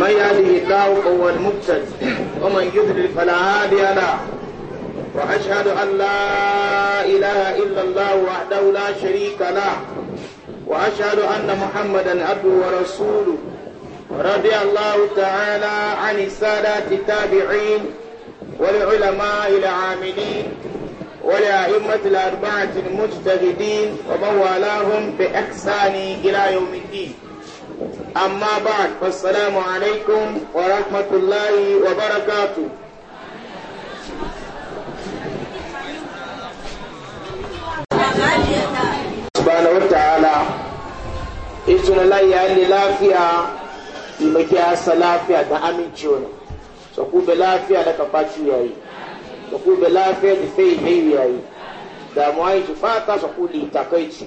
من يهده الله فهو المقتد ومن يضلل فلا هادي له واشهد ان لا اله الا الله وحده لا شريك له واشهد ان محمدا عبده ورسوله رضي الله تعالى عن السادات التابعين والعلماء العاملين ولأئمة الأربعة المجتهدين ومن والاهم بإحسان إلى يوم الدين أما بعد فالسلام عليكم ورحمة الله وبركاته subhanahu wa ta'ala ituna la ya ni lafiya imaki asa lafiya da amincewa so ku be lafiya da kafaci yayi so ku be lafiya da fei hei yayi da mu ai fata so ku li takaici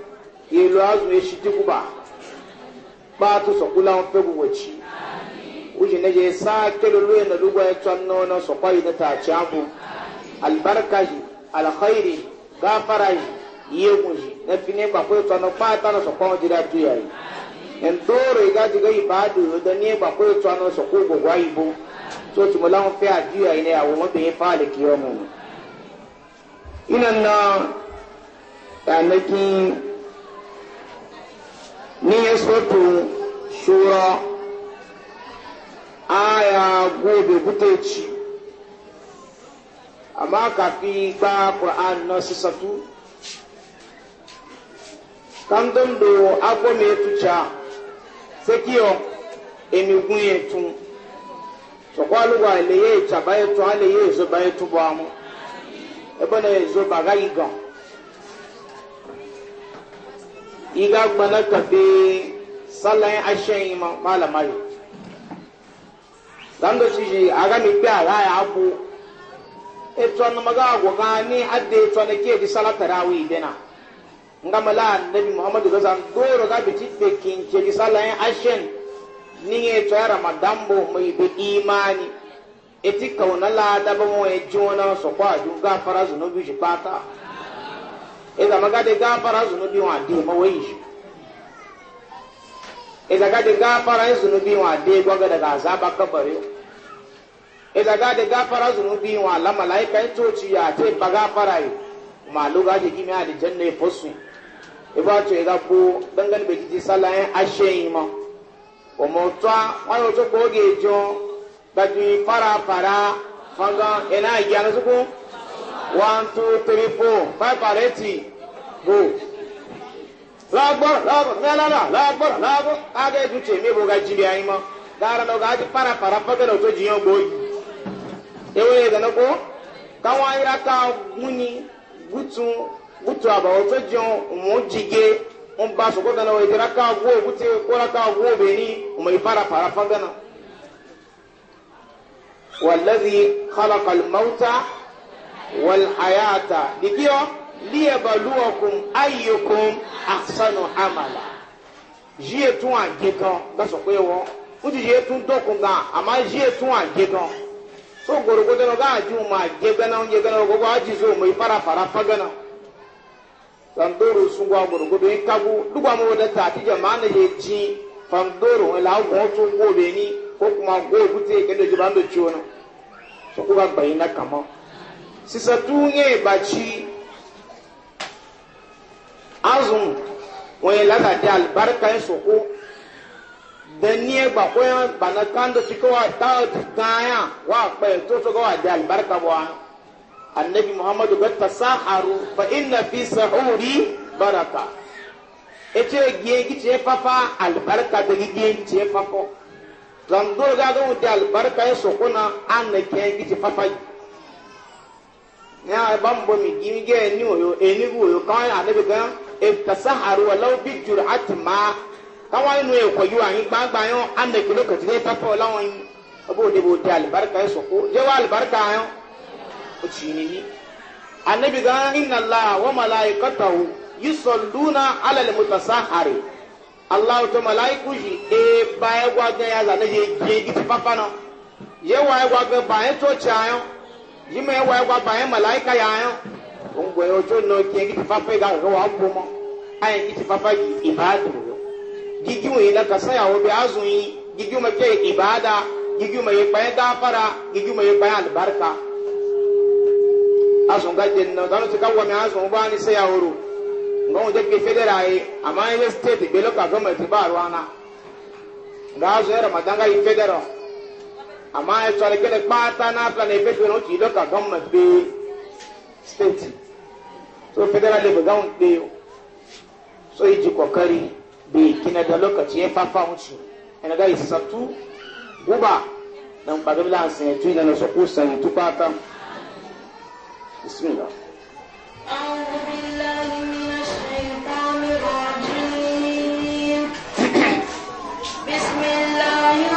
ìlú azùn eṣi dìkùbà kpaatu sọkula wọn fẹ́ gbogbo ẹkyi wọ́n yìí nẹ́yẹ sáà na ẹ̀ nàlúgbà ẹ̀ tọ́ nọ́ náà sọ̀kọ́ yìí ní tààtì àbò alibarika yìí alakhairi gáfara yìí yéegun yìí ẹ̀fin ní gbàgbọ́ ẹ̀ tọ́ nọ́ kpaata náà sọ̀kọ́ wọn jìnnà tó yà yìí ẹ̀ńdóòrò yìí gájú gẹ́yì bá dùn yìí dání gbàgbọ́ ẹ̀ tọ́ nọ́ sọ̀kọ́ gbogbo ayé bó tó tùmọ̀ láwọn fẹ́ àdúyà yìí ní àwọn ọmọbìnrin fáàlì kì í ọmọ ní sọ́tò ṣúra aya gobe buteci amma kafi gba ƙur'an na sisatu kan dondo agbomi etucha sekiyo emigun yetun sọkwaluwa ileye ita bayetu aleye ezo bayetu bu amu ebe na ezo bagayi gan iga gbana kafe sallayin ashen yi malama shi shi a ga mi kpea ra ya abu etu an maga agwaga ni adda etu an e ke di salata rawi na nga mala nabi muhammadu gazan goro ga biti pe kinke di sallayin ashen ni etu ya ma bo mai bi imani eti kauna la da ba mu e jona so kwa ju ga fara zunubi shi pata eza magade gafara zunubi wa de mawai shi eza gade gafara zunubi wa de gwaga daga azaba kabari eza gade gafara zunubi wa la malaika itoci ya te bagafara yi ma luga de kimi ali janna e fosu e ba to eza ko dangan be ji sala en ashe ma o mo to wa yo to ko ge jo gbadu fara fara fanga ena ya na suko one two three four five and eighty go. lọ́gbọ́n lọ́gbọ́n mẹ́lọ́lọ́ lọ́gbọ́n lọ́gbọ́n káàkiri tún tèmi bò ká jí bí ayé mọ́ dára náà káàkiri parapara fọ́tẹ́lẹ̀ tó jiyàn gbòógì. ewé ìdáná kó káwọn ayélujára múni gútu gútu àbàwọ̀ tó jiyàn òun jìgé ń ba sọ̀kọ́ dáná wọ̀ ìdáná ká wó gútu kóra ká wó bẹ̀ni òun yìí parapara fọ́tẹ́lẹ̀. wàlẹ́bí kálákàlì máwúta wal hayata dikiyo liyabaluwakum ayyukum ahsanu amala jiye tun age kan gaso pe wo o ti jiye tun dokun gan ama jiye tun age kan so gorogo to ga aju ma age gana onye gana gogo aji so mo ifara fara pagana sandoro sungwa gorogo be kagu dugwa mo da ta ti jama na ye ji fandoro la wo tun go be ni ko kuma go bute ke de jiban do chiwo so ko ga bayin na kama sisatunye bachi azum wani lagadi albarka yin soko da ni egba koyan bana kando shi kowa ta kaya wa pe to so kowa da albarka wa annabi muhammadu ga tasaharu fa inna fi sahuri baraka ece giyengi ce fafa albarka da giyengi ce fafo zan do ga ga wuce albarka yin soko na an na giyengi ce fafa yi ya ba mu mi gimi ge ni oyo eni bu oyo kawai ya ne e bi gan e tasaharu wa law bi jur'at ma kawai wa nu e ko yu an gba gba an de kilo ko ti pa po la won obo de bo tal barka e so ko je wal barka yon o chi ni ni annabi gan ina la wa malaikatahu yusalluna ala al mutasahari allah to malaiku ji e ba e gwa gan ya za ne je ge ti papa no ye wa e gwa gan ba ye to cha yon yima ya waya gwaba ya malaika ya ayo ungwe ojo no k'i tifafa ga ro ambomo aye kiti fafa gi ibadu gigi wo ila kasa ya obi azun yi gigi ma ke ibada gigi ma ye paye gafara gigi ma ye paye albarka azun ga den no dano tika wa me azun ba ni se ya oru ngon je ke federal yi ama ye state be local government ba ruana ga azun era madanga yi federal a maioria de kada kpata na afla na ife tuwon otu idoka gọọmenti pe steeti so federal level gawon pe so iji kokari bi kina da lokaci ya fafa wuce yana ga isattu guba na mkpado bila ansan ya tuyi na soko sani tukpata bismillah أعوذ بالله من الشيطان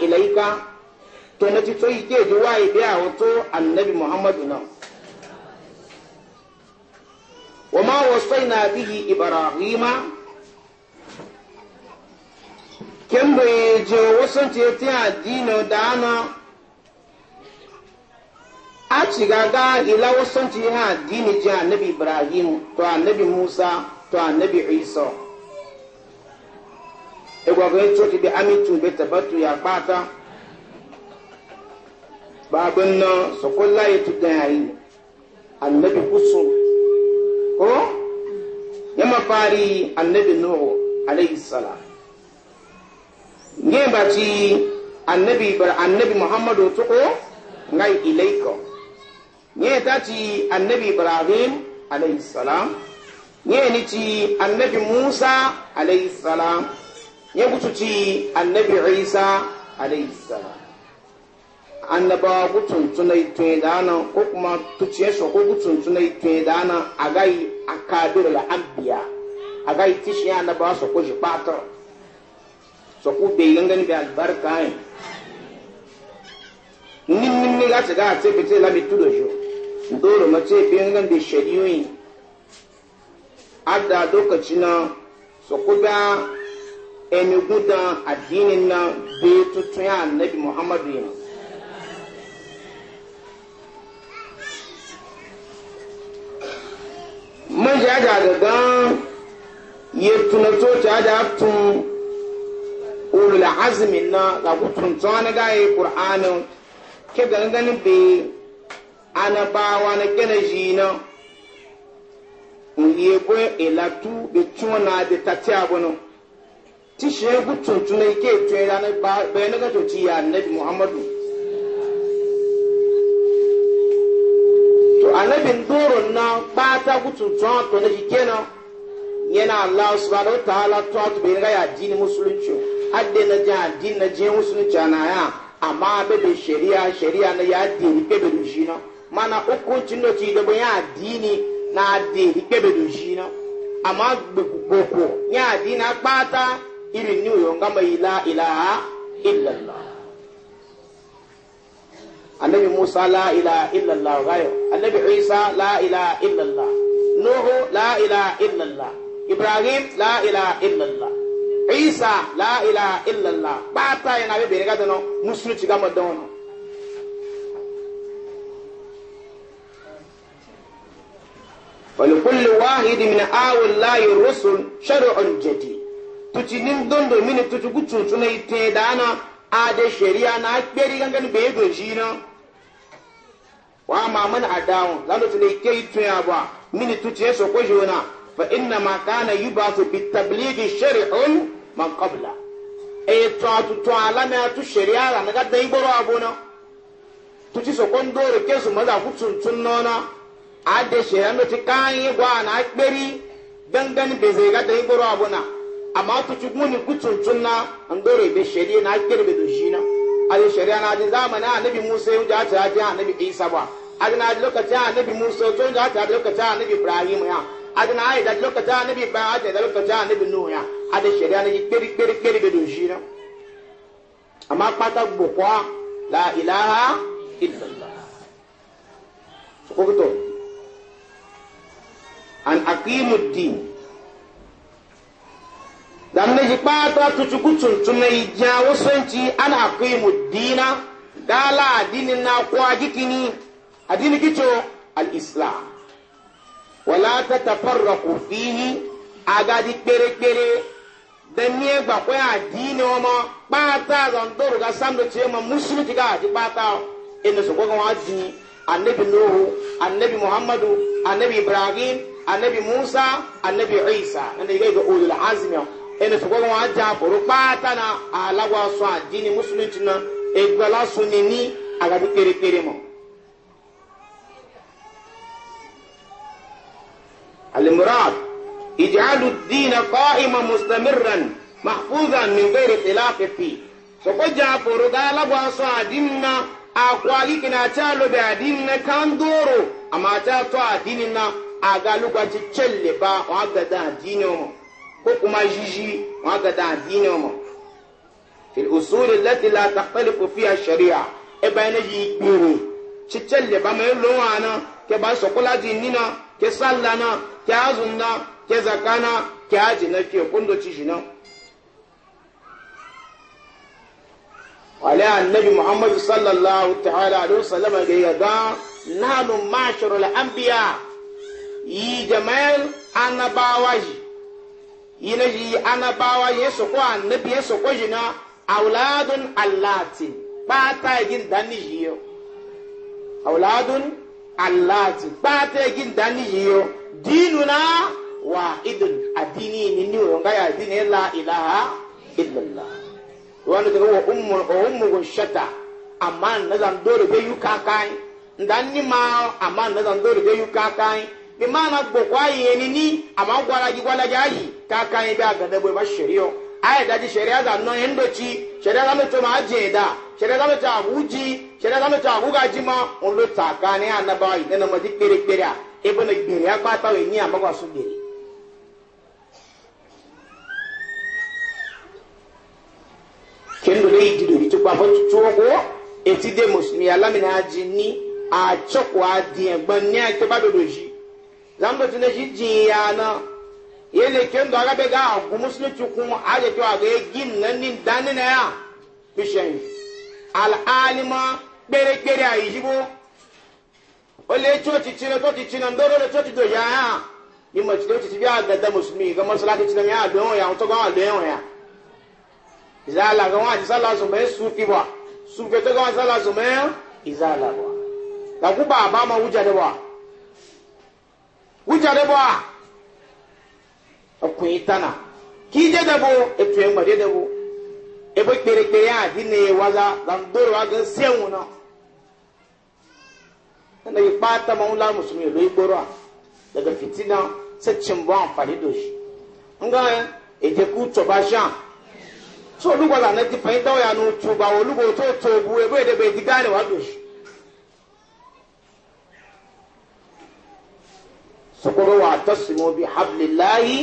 ilaika to na ci tsoyi ke ji waye biya wato annabi muhammadu nan wa ma wasai na bihi ibrahima kemgbe je wasan ce ta addini da ana a ci gaga ila wasan ce ha addini ji annabi ibrahim to annabi musa to annabi isa egwagwa eto ti bi amitu be tabatu ya kpata babin na sokola ya tu gaya yi annabi kusu ko ya mafari annabi nuhu alayhi salam nye ba ti annabi bar annabi muhammadu tuko ngai ilaika nye ta ci annabi ibrahim alayhi salam nye ni ti annabi musa alayhi salam ya kututi annabi isa alayhi salam annabawa gutun tunai tun dana ko kuma tuciye su ko gutun tunai tun dana a gai a kabir la ambiya a gai tishi annabawa su ko shi batar su ku bai gangan bi albarka yin nimmin ni gata ga ce bi ce lami tudo shi ma ce bi gangan bi shari'o'i adda lokaci na su ku ga emi gudan adiini na be tuntun ya nabi muhammadu yana man ja ja gaga ye tunato ja ja tun ulul azumi na la gutun tsana ga yi qur'anin ke ganganin be anabawa na gana jina uliye ko elatu be tuna de tatia na. ti sheku tuntun ke tuyera ne ba bɛ ne ka to ti ya nabi muhammadu to anabi ndoro na kpata kutu tɔn tɔ ne yi kena yana allah subhanahu wa ta'ala tɔn to bɛ ne ka ya di ni musulunci a de na jɛ a di na jɛ musulunci a na ya amma bɛ bɛ sariya sariya na ya di ni bɛ bɛ du shi na mana hukunci no ti dɔbɔ ya di ni na di ni bɛ bɛ du shi na amma gbogbo ya di na kpata. irin ni yo ngamba la ilaha illa allah annabi musa la ilaha illa allah gayo annabi isa la ilaha illa allah nuhu la ilaha illa allah ibrahim la ilaha illa allah isa la ilaha illa allah bata yana be bere gadano musulu ci gama dono ولكل واحد من آول الله الرسل شرع جديد tuci nin dondo mini tuci gutsun suna yi te dana a da shari'a na kperi gangan bai doji na wa ma mana a dawon zanu tuni ke yi tuya ba mini tuci ya soko shi fa inna ma kana yi ba su bi tabligi shari'un man qabla e to atu to alama tu shari'a da na gadda yi boro abuna tuci soko ndoro ke su maza gutsun tun na a da shari'a no ti kan yi gwa na kperi gangan bai zai gadda yi boro abuna amma tuki guni gucin na an dore be shari'a na girbe da shi na aje shari'a na ji zamani annabi musa yau da ta annabi isa ba aje na ji lokacin annabi musa to da ta annabi ibrahim ya aje na da lokacin annabi ibrahim aje da lokacin annabi nuh ya shari'a na ji kiri kiri kiri da shi na amma pata gbokwa la ilaha illallah sokoto an aqimud zamne ji kpata tutuku tuntun yi jiya wasanci ana akwai mu dina dala addinin na kwa gikini addini gicho al-islam wala ta tafarraku fihi agadi kpere-kpere da nye gbakwe addini ọmọ kpata zandoro ga samdo ce ma musulmi ti ga ji kpata inda su kogon addini annabi nuhu annabi muhammadu annabi ibrahim annabi musa annabi isa na ne ga ulul azmi ene sɔgbɔ wɔn adza boro kpaata na alagwa sɔ adiini musulmi ti na egbala sɔ ni ni agadi kperekpere mɔ. المراد اجعلوا الدين قائما مستمرا محفوظا من غير خلاف فيه سقجا فرغا لغوا سو اديننا اقوالي كنا تشالو باديننا كان دورو اما تا تو اديننا اغالو غاتشلبا واغدا دينو ko kuma jiji wa ga da addinin mu fil usul allati la takhtalifu fiha shari'a e yi ji kuru cicelle ba mai lowa na ke ba sokola ni na ke salla na ke azun na ke zakana ke aji na ke kundo ci shi wale wala annabi muhammad sallallahu ta'ala alaihi wasallam ga ya ga nanu ma'sharul anbiya yi jama'al annabawaji yina yi anabawa ya soko annabi ya soko jina auladun allati bata gin dani yiyo auladun allati bata gin dani yiyo dinuna wa idun adini ni ni o ga ya dini la ilaha illallah wani daga wa ummu wa ummu shata amma nazan dole be yuka kai ndan ni ma amma nazan dole be yuka kai bi maana gbokwa yeni ni ama gwala ji gwala jaji ta kan ibe aga da boy ba shari'o aya daji shari'a da no endo chi shari'a da to ma je da shari'a da to aguji shari'a da to aguga ji ma on lo ta kan ya na bai ne na ma ji pere pere a ebe na gbere ya ni ama gwa su gbere kendo le yi zando tuna shi jiya na yele ken do aga be ga ku muslim ci ku aje to aga gin nan nin dani na ya bishan al alima bere bere ayi jibo o le cho ti china to ti china ndoro le cho ti do ya ya ni ma chile ti da musulmi ga masala ti china ya do ya to ga ya izala ga wa sala so su ba su ke to ga sala so me izala ba ga ku ba ba ma wuja de ba wujare e e bɔ e a ɔkùnrin tana k'i jẹ dɛbo etu ɛgbɛde dɛbo ebo kperekpere a di ne wala landoro a gan seun na ɛna yi kpaa tama ŋun musulmi yɛ lori gboro a daga fitina sɛ tsimbo anfani do si nga ejeku tɔba sian so olu kɔ la ne ti pɛn dɔw ya n'o tuba olu k'o t'o tobu ebo yɛ de bɛ diga ne wa do si. sukuru wa tasimu bi hablillahi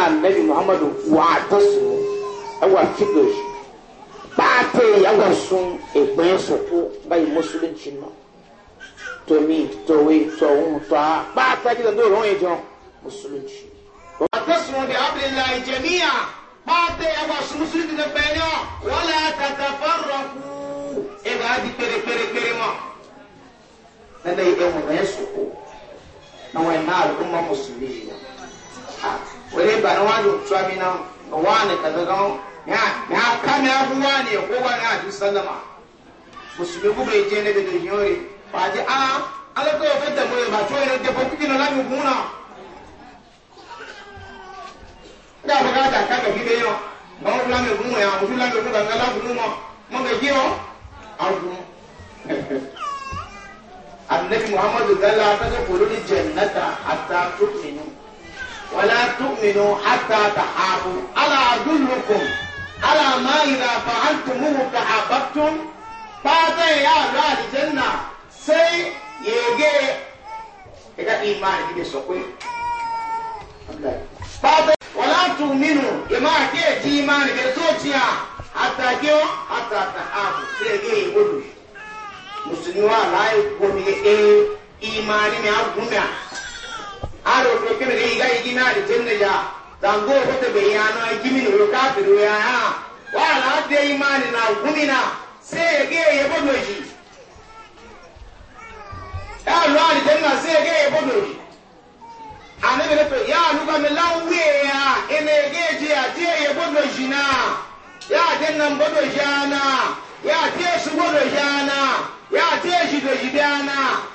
ya annabi muhammadu wa ta su awa fido shi ba ta yi awa sun egbe su ko bai musulunci na to mi to we to un to a ba ta gida do ron ejo musulunci wa ta su bi abdullahi jami'a ba ta yi awa sun musulunci da bayan wala ta tafarraku e ga di pere pere pere na dai ga mu ne su ko wale ah, ba na wani otuwa mi na ga wani kaza ga mi a ka mi abu wani ya kowa na aju sallama musulmi kuma ya je ne da da yore ba ji a alaka ya fata mu ya ba to yana da bakuki na lami guna da bukata ka ga gibe yau ba wani lami guna ya mutu lami guna ga lami guna mun ga giyo a guna annabi muhammadu dala ta ga kulun jannata hatta tu'minu ولا تؤمنوا حتى تحابوا ألا أدلكم على ما إذا فعلتموه تحاببتم فهذا يا أهل الجنة سي يجي إذا إيمان كده سوكوي فهذا ولا تؤمنوا إما كي إيمان كده سوكيا حتى كيو حتى تحابوا سي يجي يقولوا مسلمين لا يقولوا إيمان من أبنى aro ko kene ri ga igi na ri tenne ya dango ko te be ya na. igi min ro ka ti ro ya ha wa la de imani na gumina se ge ye bo no ji ya lo ari tenne se ge ye bo no ji ane be pe ya lu ga me lan we ya ene ge ji ya ti ye bo no ji na ya den nan bo no ji ya ti su bo no ji ya ti ji do ji ana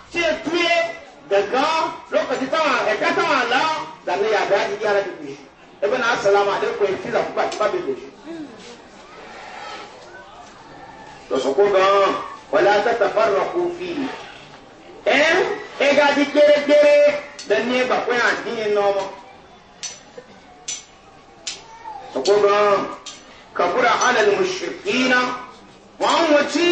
tí e túyé gẹ̀gán lọ́kọ̀tí táwọn ẹ̀ka táwọn àlá dàbí yàgbé àdìgí ara bèbè ebe náà sàlámà àdékò ètí làkúgbà tí bá bèbè. lọ́sọ̀kó gan-an wọlé atẹ́tà fárọ̀ kò fi ẹ́ ẹ̀ka di gbérégbéré lẹ́ni ẹ̀gbà pé àdínyìn náà mọ́. sọ̀kó gan-an kàbúrà alẹ́ lè mú ṣèkínà wọ́n mú tí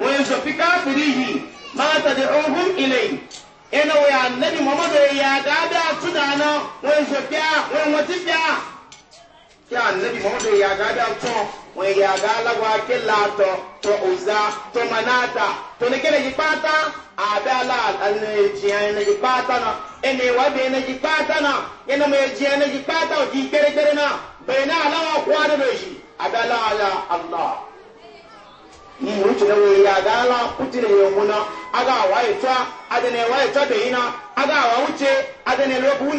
wọ́n ń sọ fi káfírí yìí ma tad'uhum ilayhi ina wa annabi muhammadu ya gada tunana wai shafiya wai watifiya ki annabi muhammadu ya gada tun wai ya ga lagwa killato to uza to manata to ne kele jipata abala alne jiyan ne jipata na ene wa be ne jipata na ene me jiyan ne jipata o ji kere kere na bayna ala wa kwa do shi abala ala allah yiwu uche wee ya agaala ya onwu na aga awa ịtwa adịna ewa na aga awa uche adịna elokwu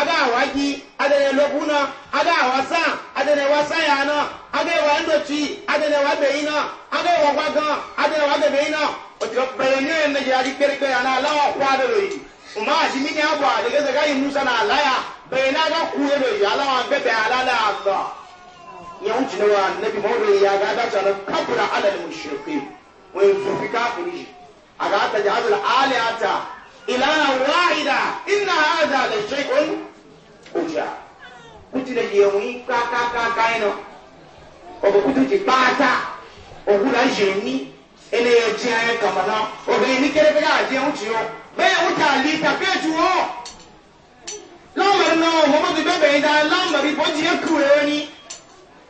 aga awa gị adịna aga awa saa adịna ya na aga ewa ndochi adịna ewa beghị na aga a na na ya na ala na ya bee na aga kwuo ala yan jina wa annabi mawdu ya ga da ta kafira ala al mushriki wa yufi kafiri aga ta jahal al alihata ilaha wahida inna hadha la shay'un uja kutile yewi ka ka ka ka ino obo kututi pata ogula jeni ene ye ti aye kamana obe ni kere pe ga je un ti o be un ta li ta pe ju o lọ́mọ̀rin náà mọ́mọ́dún bẹ́bẹ̀ ìdá lọ́mọ̀rin bọ́jú yẹ kúrẹ́ ní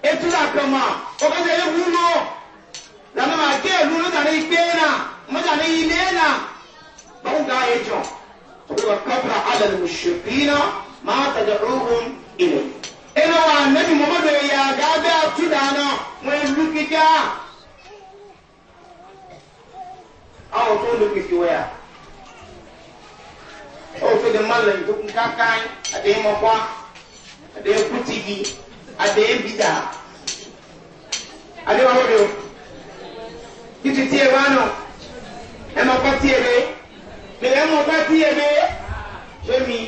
etula kama ọkadà yẹ wúlò lànà máa gé ìlú ló dàní gbé na mo dàní ilé na báwo gà yẹ jọ wọ́n kábra alẹ́ ló ṣèpì na máa tàjà ọ̀hún ilẹ̀. ẹnà wa nẹ́bí mọ́mọ́dé yà gábẹ́ àtúndà náà wọ́n ìlú kíkà. àwọn tó ń lu kìkì wẹ̀ yà ó fi di mmalẹ̀ ntukun kankan àti ìmọ̀kwa àti ìkútìgì àdéhùn bìtà àdéhùn ọmọdé o títí tí ẹ bá nù ẹ máa bá tí ẹ bẹ mi ẹ máa bá tí ẹ bẹ ṣé mi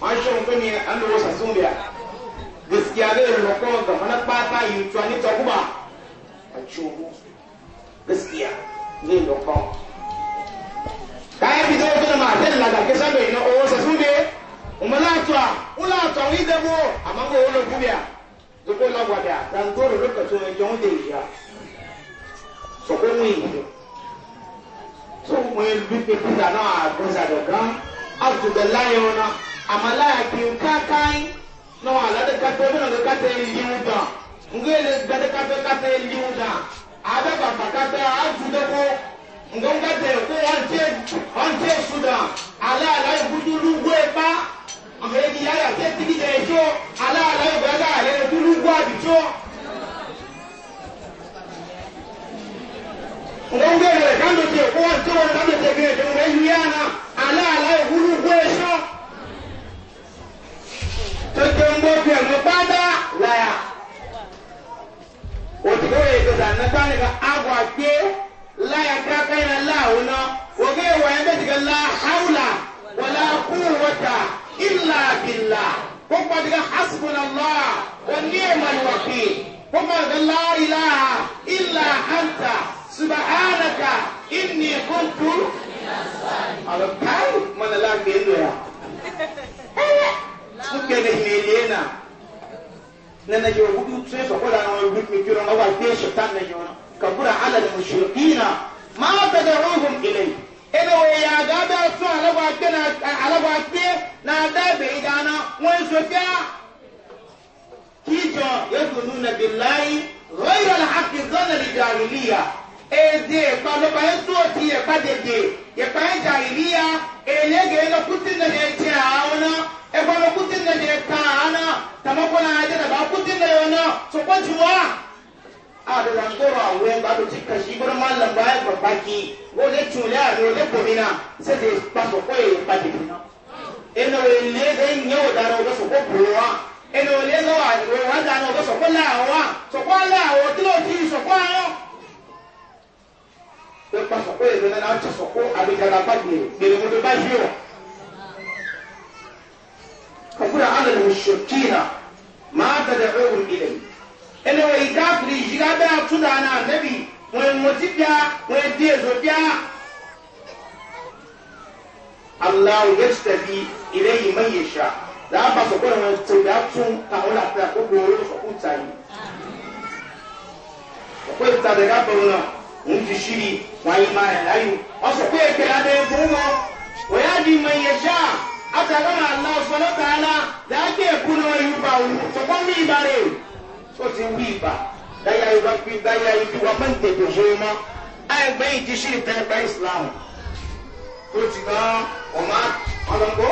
wọn ṣe òun pé mi àlùwọ sàṣùn bìà gbèsè alẹ́ ìrìnà kọ́ ọ̀gàn fúnná pátá yìí tó a ní tọkùbà àti owó gbèsè à ní ìlú kọ́ káyọ̀ bìtà ó tó nà máa tẹ̀lé làgàkẹ́ sábẹ̀ yìí náà owó sàṣùn àtọ̀ à àtọ̀ àwọn ìdẹ́gbò àmọ́ ń gbọ́ owó lọ́gbù bìà zoko la wada dan dole lokacin ya jon da ya so ko mu yi so mu yi lupe kuda na a goza da gan azu da layo na amala ya ki ka kai na wala da ka to na ka ta yi yuda ngele da da ka to ka ta yi yuda ada ba ba ka ta azu da ko ngon ka ta ko an ce an ce suda ala ala gudu ruwe ba amere ki ya ya ke tigi yasha atagara allah subhanahu wa ta'ala da ke kuno yuba wu to kon mi bare so ti wi ba da ya yuba bi da ya yubi wa man te to zoma ai gbe ti shiri ta ba islam to ti ga o ma olongo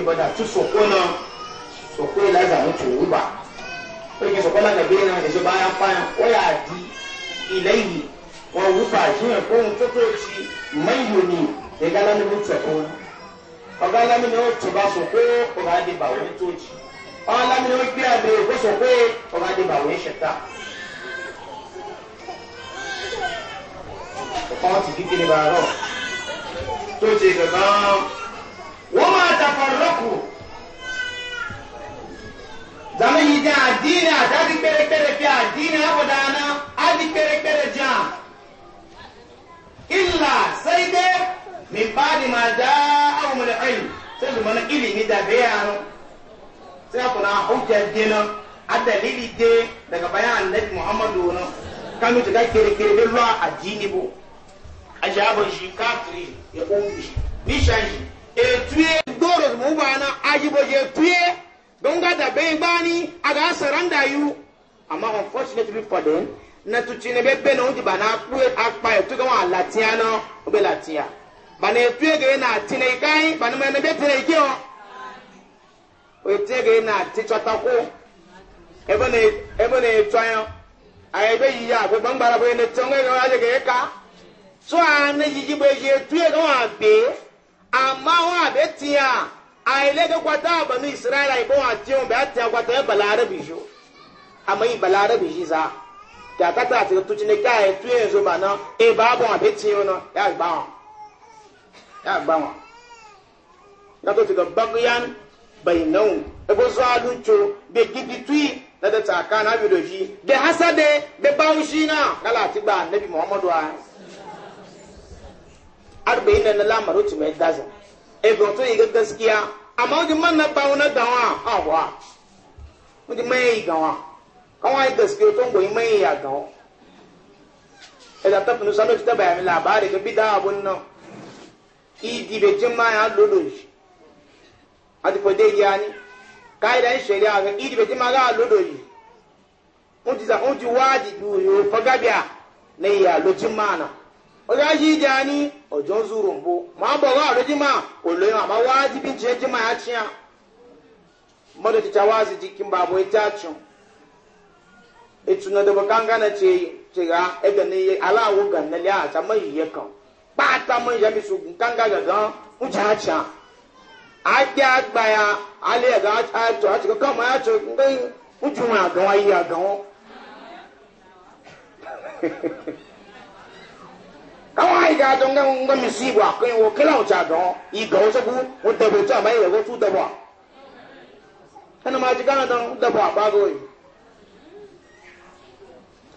shi ba da tu soko na soko ila za mu tuwu ba ko ke soko la gabe na da shi bayan bayan ko di ilaihi wa wufa shi ne ko mu fito shi mayuni da gala ni mutu ko ọgá lámìnà ó tuba soko ọgá adébà wọlé tó jì ọgá lámìnà ó gbé àgbè òkú soko ọgá adébà wọlé ṣẹta. ọkọ ti kíkiri bàárọ̀ tó ti gbẹ̀gbọ́n. wama tafarraku zama yi jan adina da di kperekpere fi adina abu dana adi kperekpere jan illa sai dai min bani ma da abu mu da ayi sai su mana ilimi da bayanu sai kuna hujjar dina a dalili de daga bayan annabi muhammadu na kanu ta ga kere-kere bin ruwa a bu a jabon shi kafiri ya ƙunfi shi nishan shi etuye doros mu bana ajibo je tuye gonga da be bani aga saranda yu amma unfortunately for them na tuchine be be na uji bana akwe akpa etu ga wa latia no obe latia bana etuye ga na tine kai bana me na be tine ki o etuye ga na tichota ko ebe na ebe na etwayo ayebe yi ya agbe gbara bo ne tonga ga ya ga ka so an yi ji bo je tuye ga wa be amma wa be tiya a ile ga kwata banu israila ibo wa tiyo be tiya kwata ya balarabi jo amma yi balarabi ji za ta kata ti tu chine ka e tu enzo ba na e ba bo a be tiyo no ya ba wa ya ba wa na to ti ga bagyan bainau ebo zo aluncho be gidi tui na da ta kana bi do ji be hasade be bawushi na kala ti ba nabi muhammadu wa arba'in na lamarin tu mai dazin ebe eh, to yi gaskiya amma wajen man na bawo na gawa a wa wajen mai yi gawa kawai yi gaskiya to ngoyi mai ya gawa ila eh, ta funu salo ta bayani labari ga bida abun nan idi be jin ma ya lodo shi a ti fode ya ni kaidan shari'a ga idi be jin ma ga lodo shi mun ti za mun ne ya lojin mana o ga shi ọjọ́ zuru mbụ ma a bọ̀ wáàrọ̀ jimá olè náà ma wá jibi eji jimá ya tiẹ́ mọ́tò tìta wá sí jikin bá bọ̀ ẹja tún ètù náà dẹ̀bọ̀ káńgá náà tiẹ̀ ala ẹgbẹ̀ ga na aláwọ̀ gànẹ́lẹ́ ma mọ́ ìyẹ kan ta ma ya mi sùn káńgá ga ń jà á a àgbẹ̀ Agba ya ju àwọn àyíká tó ń gbẹ́ ń gbẹ́ wo sí ìbò àkóyìn i kí so bu dán ìgbà bo kú wọ́n wo tó àbáyé rẹ̀ wọ́n ma ji ẹnu máa jí káwọn dán dẹ̀bọ̀ àbágò yìí.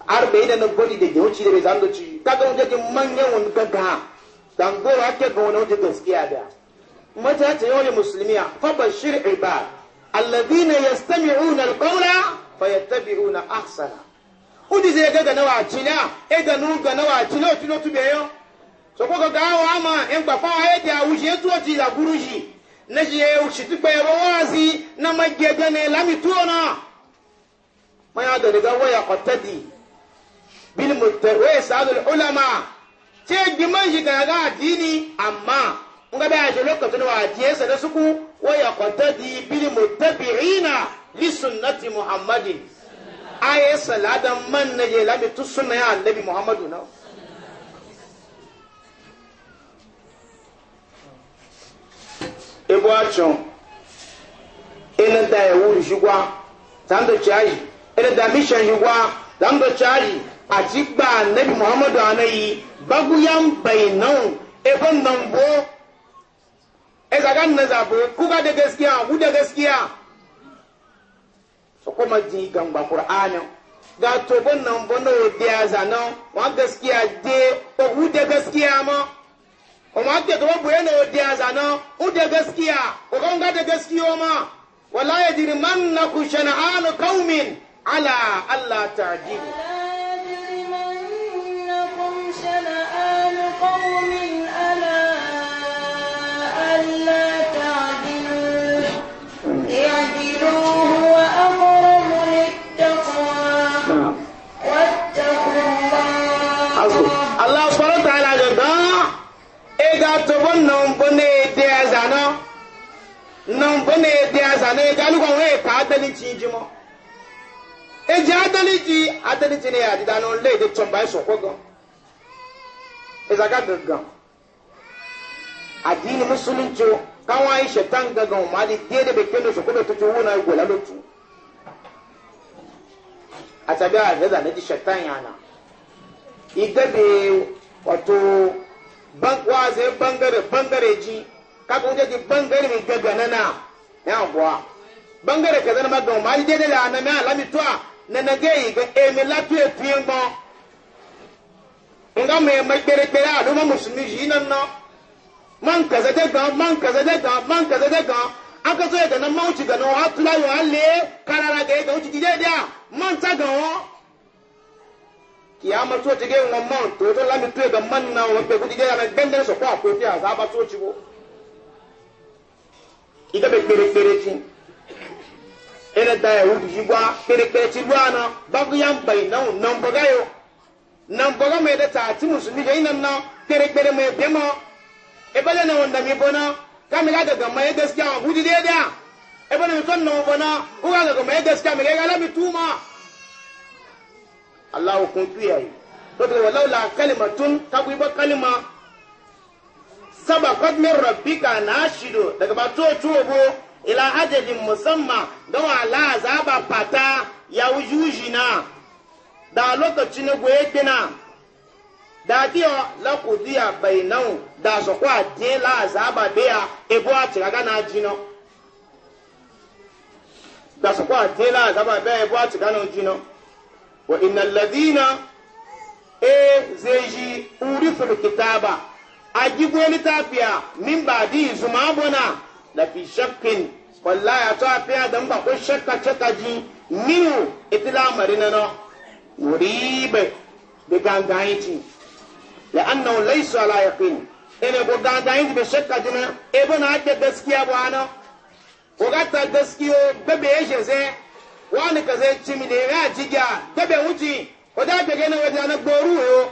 arba yi da na gwani da de ci da bai zan da je kaga man jin won ka ga dan go gora ake ga je to skia da mata ta yawon musulmiya fa bashir ibad alladhina yastami'una alqawla fayattabi'una ahsana uji zai ga gana wa cinya e eh, ganu gana wa cinya tilo tube yo so ko ga wa ma en eh, gba fa wa e wu je e tuo ti da ji. na ji e uji ti pe wa wazi na ma je gane la mi tuo oh, na ma ya da daga waya qatadi bil mutawais eh, al ulama ce gi ma ji ga ga dini amma in ga ba ji lokacin wa ji sa da suku waya qatadi bil mutabi'ina li sunnati muhammadin aye salada man na je labi tu suna ya annabi muhammadu na ebo acho ina da ya wuri shigwa tando chaji ina da mission shigwa tando chaji a ti gba annabi muhammadu anayi ya n ebon nan bo e zagan na zabo kuka da gaskiya ku da gaskiya kuma ji gangba qur'anin ga tobon nan bana wa biya wa gaskiya de o hude gaskiya ma o ake gaba buye na wa biya zanen u da gaskiya ko kan ga de gaskiyo ma wala na shana'anu qaumin ala alla ta'dilu zane galugo we ka adaliji jimo e ji adaliji adaliji ne ya dida no le de tomba so kogo e zaga gaga adini musulunci kan wa yi shetan gaga ma di de de be kendo so kodo to wona go la lotu atabi a ne zane di shetan yana igabe wato ban kwaze bangare bangare ji kakunje di bangare mi gaga na. ya bwa bangare kaza na magan ma yi dede la na me alami to a na na ge yi ga emi la tu e pin gbo nga me ma gbere gbere a lo musulmi yi na no man kaza de gan man kaza de gan man kaza de gan aka so ga na ma uchi o no ha tula yo alle karara ga ga uchi dide dia man ta ga ho kiyama to tige ngom man to to lami tu e ga man na wo be ku dide na gbende so kwa ko fi azaba to chi wo ike bɛ kperekpere ti ene da ewu bi yibwa kperekpere ti lu ana bagu ya mba yi nawu na mboga yo na mboga mu yɛde taa ti musulmi yɛ ina na kperekpere mu ebe mu ebele na wanda mi bɔna kami ka gaga ma ye gaskiya wa wudi de da ebele mi tɔn na wo bɔna ko ka gaga ma ye gaskiya mi ka yala mi tu ma alahu kun tuya yi o wala wala kalima tun tabu i bɔ kalima. sabaqat min rabbika nashidu daga ba to tuwo ila ajalin musamma ga wala ba pata ya wujujina da lokaci na goye dina da diyo la kudiya bainau da so kwa la azaba beya ebo a tira ga na jino da so kwa tie la azaba beya ebo a tira na jino wa innal ladina e eh, zeji kitaba a gibo littafiya min ba di zuma bona da fi shakkin wallahi a to a fiya da ba ko shakka cika ji minu itila marina no muribe da gangayi ci la annahu laysa ala yaqin ene ko gangayi ci be shakka jina e bana ke gaskiya ba ana ko ga gaskiyo be be yeshe ze wani ka zai ci mi ne ya jiga be be wuci ko da be gane wajen na gboru yo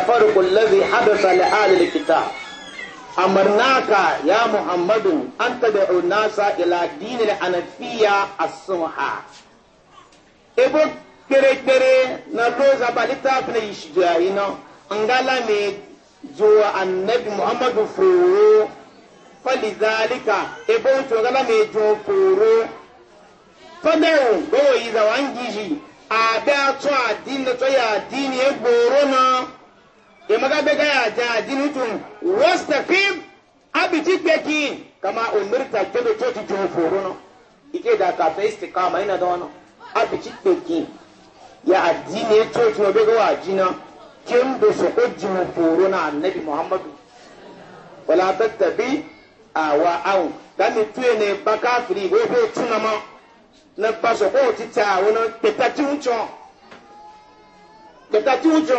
الفرق الذي حدث لآل الكتاب أمرناك يا محمد أن تدعو الناس إلى دين الحنفية السمحة إبو كري كري نروز بالتاف نيشجاينا أنغالا مي جو النبي محمد فورو فلذلك إبو تنغالا مي جو فورو فدعو بو إذا وانجيجي أبي أتوى الدين تيا دين يبورو imaga bega ya jajini tun wasta fim abiti beki kama umirta kebe toti tun forono ike da ka fe istikama ina da wano abiti beki ya addini toti wa bego wa jina kin da su ujjin forona annabi muhammadu wala tattabi awa awu dami tuye ne baka firi wo fe tunama na baso ko ti ta wona petati uncho petati uncho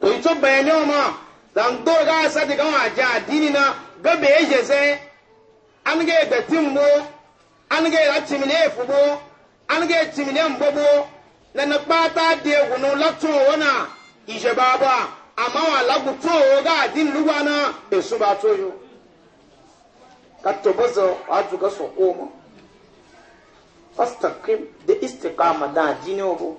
to ito bayani ma zan do ga sa daga wa na ga be an ga da timbo an ga ra fubo an ga timile mbobo na na pata de gunu latun wona ije baba amma wa lagu to ga addini lugwana e ka de obo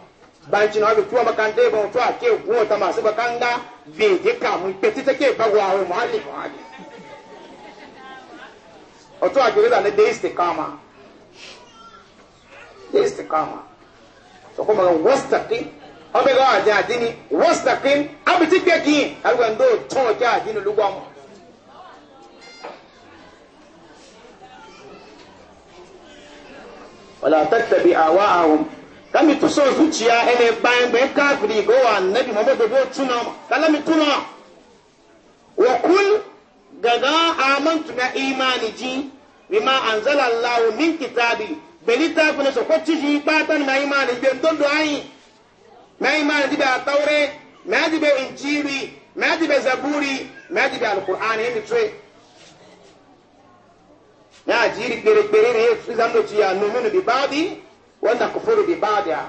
banci na wabi tuwa makanda ba tuwa ke kuwa masu bakanga be je ka peti take ba wa wa muhalli muhalli o tuwa gere da ne deiste kama deiste kama so kuma ga wastaqi abe ga aja adini wastaqi abi ti ke ki arwa ndo to ke adini lugwa mu wala tattabi awa'ahum kami tu so zuciya ene bayan bayan kafiri go wa annabi muhammadu go tuna kala mi tuna wa kul gaga amantu na imani ji bima anzala allah min kitabi beli ta fune so ko tiji pata na imani be ndondo ayi na imani dibe atawre na dibe injili na dibe zaburi na dibe alquran ene twe na jiri pere pere re zamdo ci ya no menu di babi wanda kufuru bi ba'da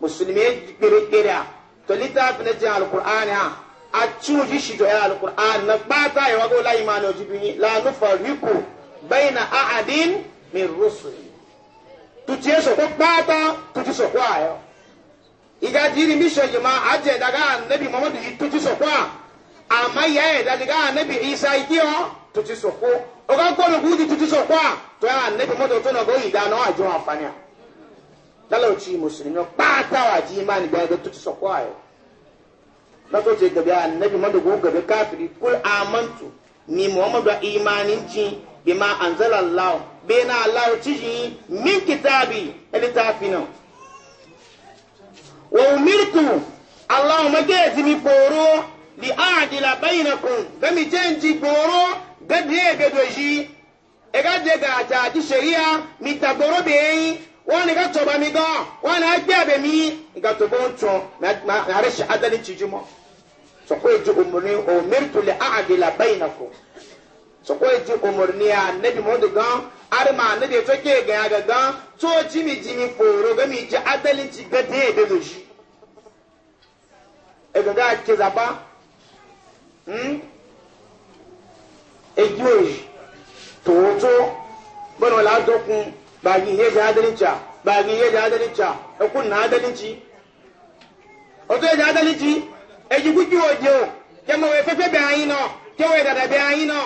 musulmi kere kere a to littafi na jin alkur'ani a a cuji shi to ya alkur'ani na bata ya wago la imani oji bi la nufariku baina aadin min rusuli tutiye so ko bata tuti so ko ayo iga jiri mi shoji ma aje daga nabi muhammadu yi tuti so ko amma ya ya daga nabi isa ikiyo tuti so ko oga ko no gudi tuti so ko to ya annabi muhammadu to na go ida no ajo afania talauci musulmi ɓatawa ji imani bayan da tutu sakwa o. na so a gabi annabi madugu gabi kafiri kul amantu ni muhammadu al-imani ji bima anzala allah bena allah ciji min kitabi littafi fina wa umirtu allah mage zimi boro li adila bainakum gami jenji boro gadi ya gado shi e gadi ga ta ji shari'a mi tagboro da wani ga toba mi ga wani agbe abe mi ga toba onto na rashi adalci jimo so ko ji umurni umirtu li a'dila bainakum so ko ji umurni ya nabi modu ga ar ma nabi to ke ga ga ga to ji mi ji mi foro ga mi ji adalci ga de de do ji e ga ga ke zaba hmm e ji o to to bono la dokun ba gi ye ja adalci ba gi ye ja na adalci o to ye ja adalci e ji guji o je o ke mo fefe be ayin no ke dada be ayin no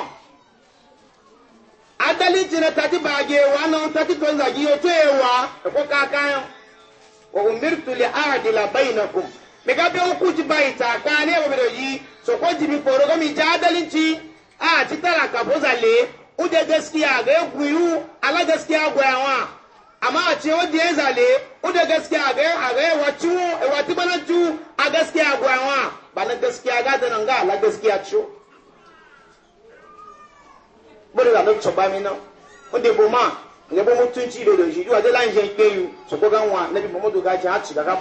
adalci na tati ba gi wa tati to za gi o to e wa e ko ka ka yo wa umirtu li a'dila bainakum me ga be o ku ti bayi ta ka ne wo yi so ji bi poro ko mi ja a ti ka bo uje gaskiya ga ya guyu ala gaskiya goyawa amma a ce wadda ya zale uje gaskiya ga ya ga ya wacu e wati bana ju a gaskiya goyawa ba na gaskiya ga da nan ga ala gaskiya ciwo bari da lokacin ba mi nan wadda bo ma ne bo mutunci da da shi duwa da lan jen keyu so ko ganwa nabi muhammadu ga ji a ci daga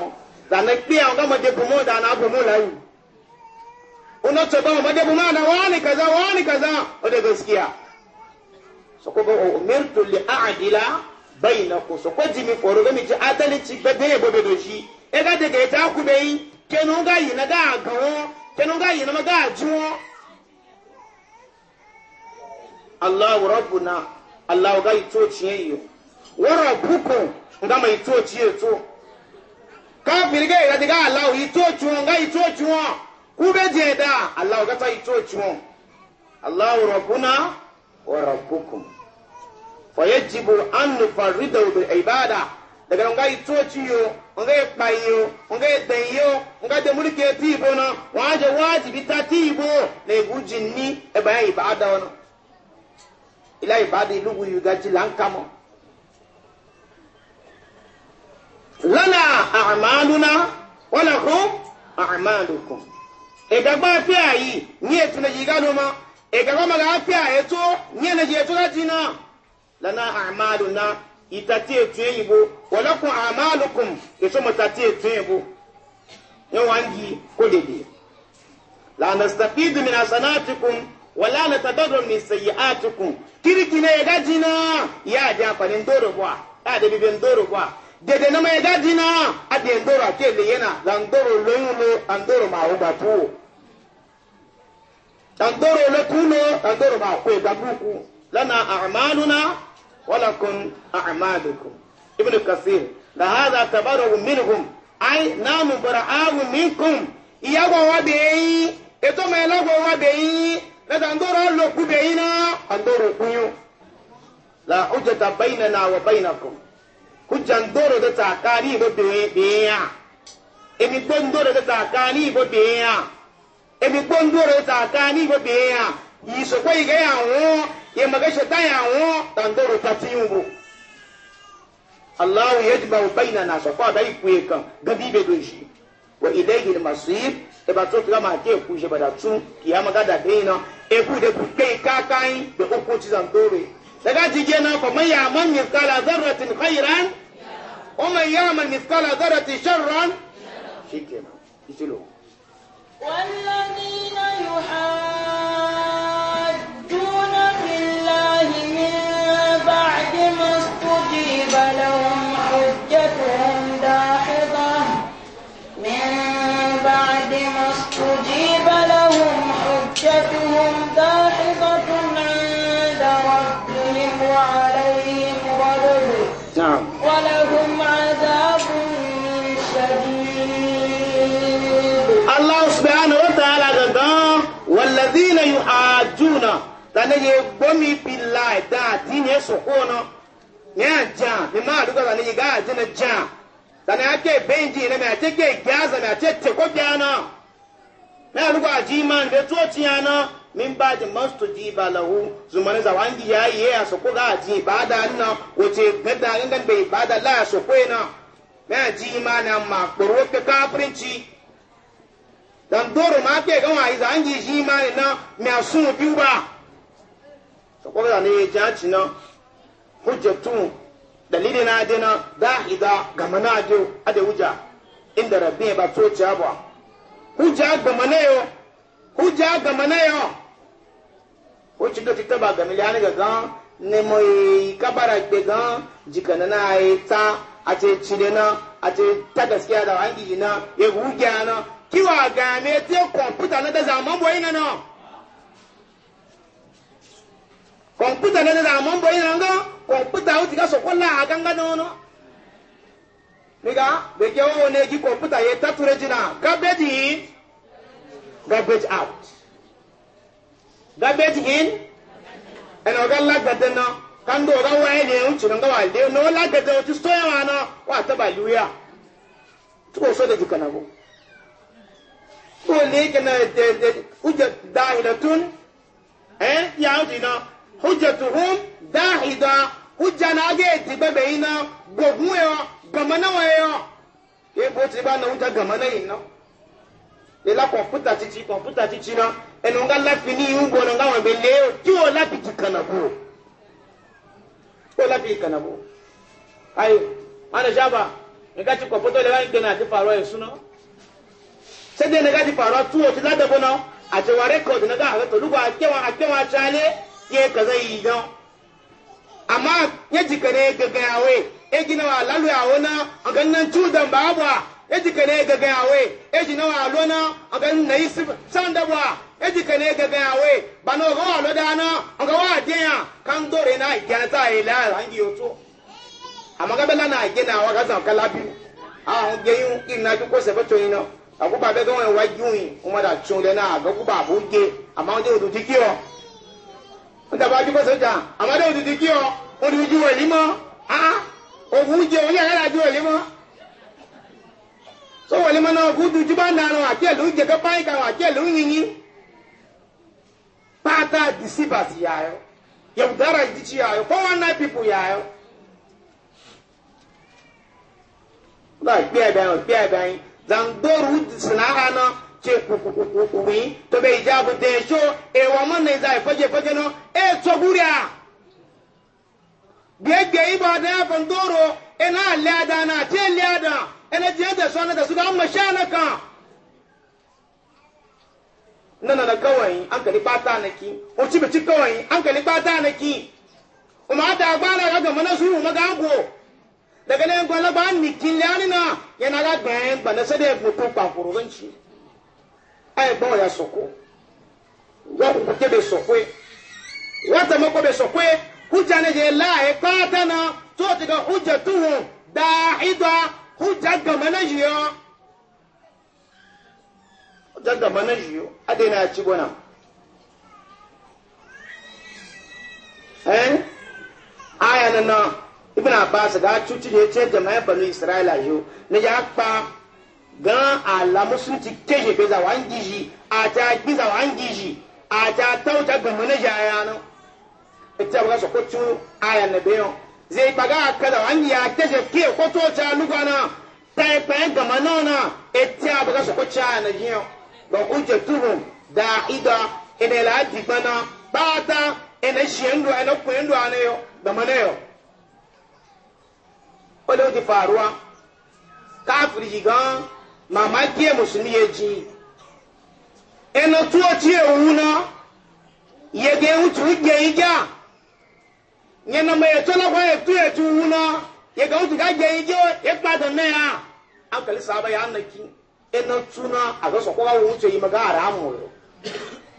da na kiya ga mu de bomo da na bomo layu uno to ba mu de bomo na wani kaza wani kaza wadda gaskiya soko bo o umirtu li a'dila bainakum soko jimi foro be mi ji adalci be de bo be doji e ga de ga ta ku be yi kenu ga yi na ga ga wo kenu ga yi na ma ga ji wo Allahu rabbuna ga ito ciye yo wa rabbukum nga ma ito ciye to ka firge ya diga Allahu ito ciwo ga ito ciwo ku be je da Allahu ga ta ito ciwo Allahu rabbuna wa rabbukum ويجب أن نفرده بالعبادة daga nga ngai toci yo nga kpai yo nga den yo nga de muri ke ti bo na wa je wajibi ta ti bo ne guji ni e ba ibada ono ila ibada ilugu yu gaji lanka mo lana a'maluna wa lahum a'malukum e dagba pe ayi ni etu ne jiga no ma e gagba ma ga pe ayi to ni na je to lati na lana a'maluna itati etu yibo walakum a'malukum eso matati etu yibo yawangi kodede la nastafidu min hasanatikum wala natadarru min sayyi'atikum kiriki ne gajina ya ja kwanin doro kwa ya da bibin ndoro bua dede na mai adi ade ndoro akele yana la ndoro loyulo andoro ma ubatu andoro lokuno andoro ma kwe gabuku lana a'maluna ولكم أعمالكم ابن كثير لهذا تبرؤوا منهم أي نام براء منكم يغوا وبي إتوما يلغوا وبي لتندوروا لكم بينا أندوروا كيو لا حجة بيننا وبينكم حجة ندوروا ده تاكاني بيا emi gbondoro ta ka ni ibo biya emi gbondoro ta ka yi sokwa yi ga ya wo ya maga shaitan ya wo dan doro ta ti yumbo Allah ya jiba baina na sokwa da yi kuye kan gabi be don shi wa ilayhi al-masir e ba to kila ma ke ku je bada tu kiyama ga da dena e de ku kai ka kai da uku ci zan doro daga jige na استجيب لهم حجتهم داحضة عند ربهم وعليهم غضب ولهم عذاب شديد الله سبحانه وتعالى قال والذين يحاجون tani ye gbomi bila da dini sokona ne ja mi ma duka tani ye ga dini ja tani ake benji ne me ate ke gaza me ate te ko biana na alugu aji iman be coci yana min ba di mastu ji ba lahu zumani za wangi ya yi ya soko ga aji ibada na wace gada ingan bai ibada la ya soko na na ji iman amma kuro ke kafirinci dan doro ma ke ga wani za angi ji iman na me asun biu ba soko ga ne ja ci na hujjatu dalilina ajina dahida gamana ajo ade wuja inda rabbi ba coci abwa hujja gamanayo hujja gamanayo wuce da fita ba gamili hannu ga gan ne mai kabara gbe gan jikana na ya ta a ce cire na a ce ta gaskiya da wani gidi na ya hujja na kiwa game te kwamfuta na da zaman boyi na na kwamfuta na da zaman boyi na ga kwamfuta wuce ga sokola a gangana na niga beke wo ne gi computer ye tature jina garbage in garbage out garbage in ẹnna ọgá lágbàdé náà kando ọgá wáyé ni ẹ̀hún tìrì nga wà lé ní ọ lágbàdé ọtí sọyẹ wà náà wà á tẹ́bà lù yá tí kò sọ́dọ̀ jù kànáà gbogbo gama na wa yɔ ebo ti ba na ŋutɔ gama na yi na lela kɔmputa titi kɔmputa titi na ɛnu ŋa lafi ni yiwu bɔ na ŋa wɔn bɛ lee o ti o lafi ti kana bo o lafi kana bo ayi ana jaba nga ti kɔmputa lɛ wa ŋa gbɛna ati faarɔ yi suna sɛde nga ti faarɔ tu o ti la dɛbo na ati wa rɛkɔd nga a tolu ko a kɛ wa a kɛ wa caale yɛ kaza yi dɔn ama nye jikere gɛgɛ awe. egina wa lalu ya wona agan nan tudan ba na wa lona agan sanda ba na aga wa ya kan dore na igana ta ila hangi oto amaga bela na wa ga zan kala bi a ya ge yun yin na akuba be gan wa yin o ma da tun le na aga ba bo ge ama o de o o da ba ja de o o ah òkú jẹ òní àyàrá ju òlé mọ́ sọ náà òkú dùjú bá nàrọ̀ àti ẹ̀lú ń jẹ́kẹ́ báyìí kàwọn àti ẹ̀lú ń pátá dìsíbàs yàáyọ yẹ̀wùdára ìdíjì yàáyọ four one nine people yàáyọ. Ba gbé ẹ̀dá yẹn gbé ẹ̀dá yẹn zandoro sinara náà ṣe kùkùkùkùkùkùkùn yìí gbegbe iba da ya fandoro ina liyada na te liyada ina je da sana da su ga amma sha na ka nana na kawai an kali bata na ki o ci bi ci kawai an kali bata na ki o ma da gba na ga mana su ma ga go daga ne gwala ba ni kin liyani na yana ga gbe ba na sai da ku ku pa kuro ganci ai ba ya soko wa ku ke be soko wa ta ma ko be soko hujja ne je laye katana to tiga hujja tuhu da'ida hujja ga manajiyo hujja ga manajiyo adena ci gona eh aya nan na ibn abbas ga cuci je ce jama'a banu isra'ila yo ne ya pa gan ala musulunci keje beza wangi ji a ta biza wangi ji a ta tauta ga manajiya yana ita ba su kutu aya na biyu zai baga kada wani ya keje ke kutu ta lugana pẹpẹ gama náà na ita ba su kutu aya na biyu ba ku je tuhu da ida ina la digba na bata ina shi ndu ina ku ndu ana yo gama na yo o le o ti faruwa kafiri yi gan mama kie musulmi ye ji ina tuwo ci na yege wutu ge ija. nyɛnɛ mɛ yɛ tɔlɔ kɔ yɛ tu yɛ wu nɔ yɛ gawo tu ka jɛ yi yɛ kpa ya an kɛlɛ ki e tu na a ka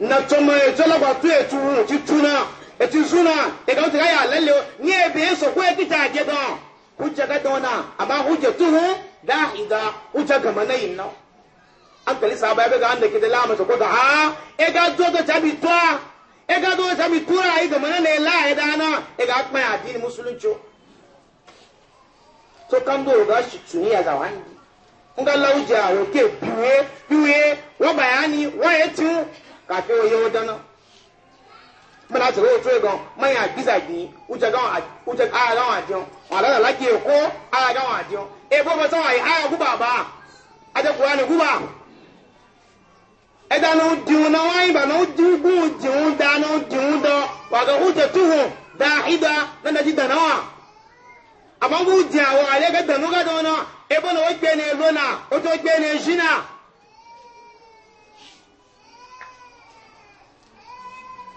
na tu etu wu ti na eti zu na yɛ e gawo ka yɛ alɛ o yɛ sɔ na a ma ko jɛ tu hu yi da ko gama na yi na an kɛlɛ saba yɛ bɛ ka ki de la e ka ega do sa mi kura yi ga mana ne la e dana ega kpa ya dini musulunci to kan do ga shi tuni ya zawani nga lauja wo ke buwe buwe wo bayani wo etu ka fi o yo dana mana to o to gan ma ya biza gi uja gan uja a gan adion ala la ki ko a gan adion e bo bo so ai a ku baba ade ku ani ku baba ɛda no diw na wanyi ba na o diw gun diw da na o diw dɔ wa ka o jɛ tuhu da i da na na ji dana wa a ma k'u diya wa ale ka danu ka dɔn na e bɛ na o gbɛ ne lo o t'o gbɛ ne zi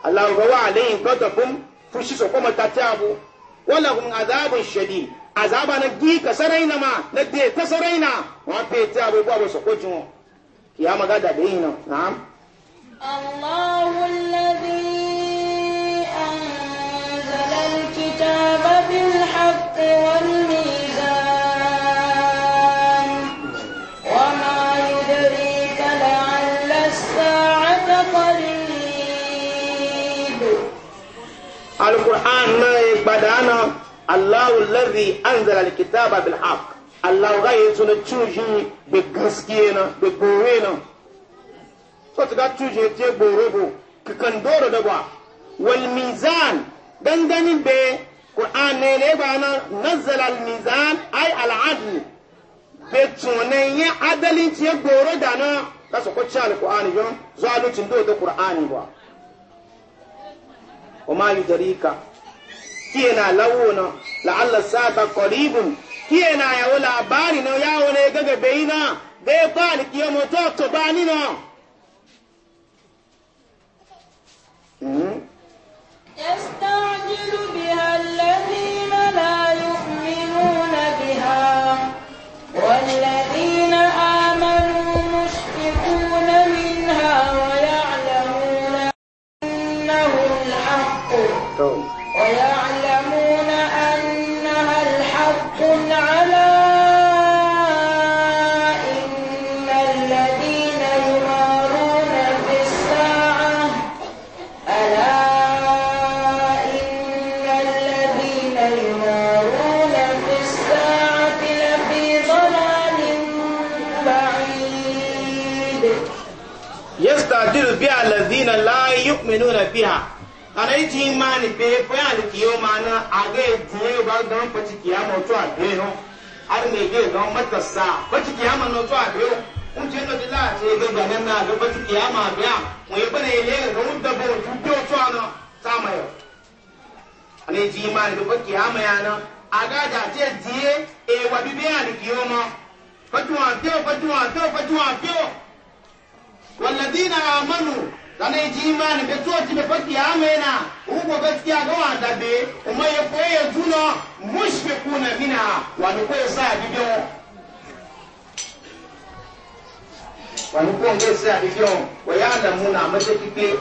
alahu wa ale gbɔdɔ fun fusi so kɔma ta tɛ a wala kun azaabu sɛdi azaaba na gi kasara in na ma na de kasara in na wa pe tɛ a bɔ a bɛ sɔn ko jɔn. يا ما قاعد dino نعم الله الذي أنزل الكتاب بالحق والميزان وما يدريك لعل الساعة قريب القرآن ما يقبدانا الله الذي أنزل الكتاب بالحق Allah ga yi tuna cuji da gaskiye na da gore na so ta ga cuji te gore bo ka kan doro da ba wal mizan danganin be qur'an ne ne ba na nazzala al mizan ay al adl be tunan ya adalin ce gore da na ka so ko cha al qur'an yo zalutin do da qur'an ba o ma yudarika kiyana lawuna la'alla sa'ata qaribun kiye na yawo labari na yawo na gaga bai na ga ya ba ni kiyo moto to ba ni na يستعجل بها الذين لا يؤمنون بها والذين آمنوا مشفقون منها ويعلمون أنه الحق ويعلمون yu'minuna biha ana ji imani be fa alkiyoma na aga je ba don faci kiyama to abe no ar me don mata sa kiyama no to abe un no ce ga ganan na ga faci kiyama biya mu yi bane ile ga mun da o tu to na aga da e wa bibi zana yi be tuwa ti be fati ya amena ugo gaskiya ga wa dabe mina wa ni koye sa bibiyo wa ni koye sa bibiyo wa ya lamuna mata kike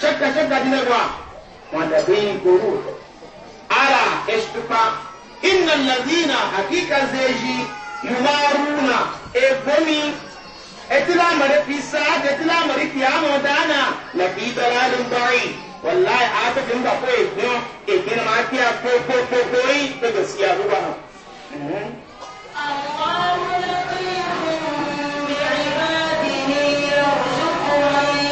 shakka shakka dina ba wanda bai ara istifa innal ladina hakika zai ji yumaruna e gomi etila mare fisa etila mare kiyama dana la fi dalalin ba'i wallahi a ta fin da ko e gbo e gina ma ki a ko ko ko ko yi ta gaskiya ruwa Allahu latifun bi'ibadihi yarzuqu man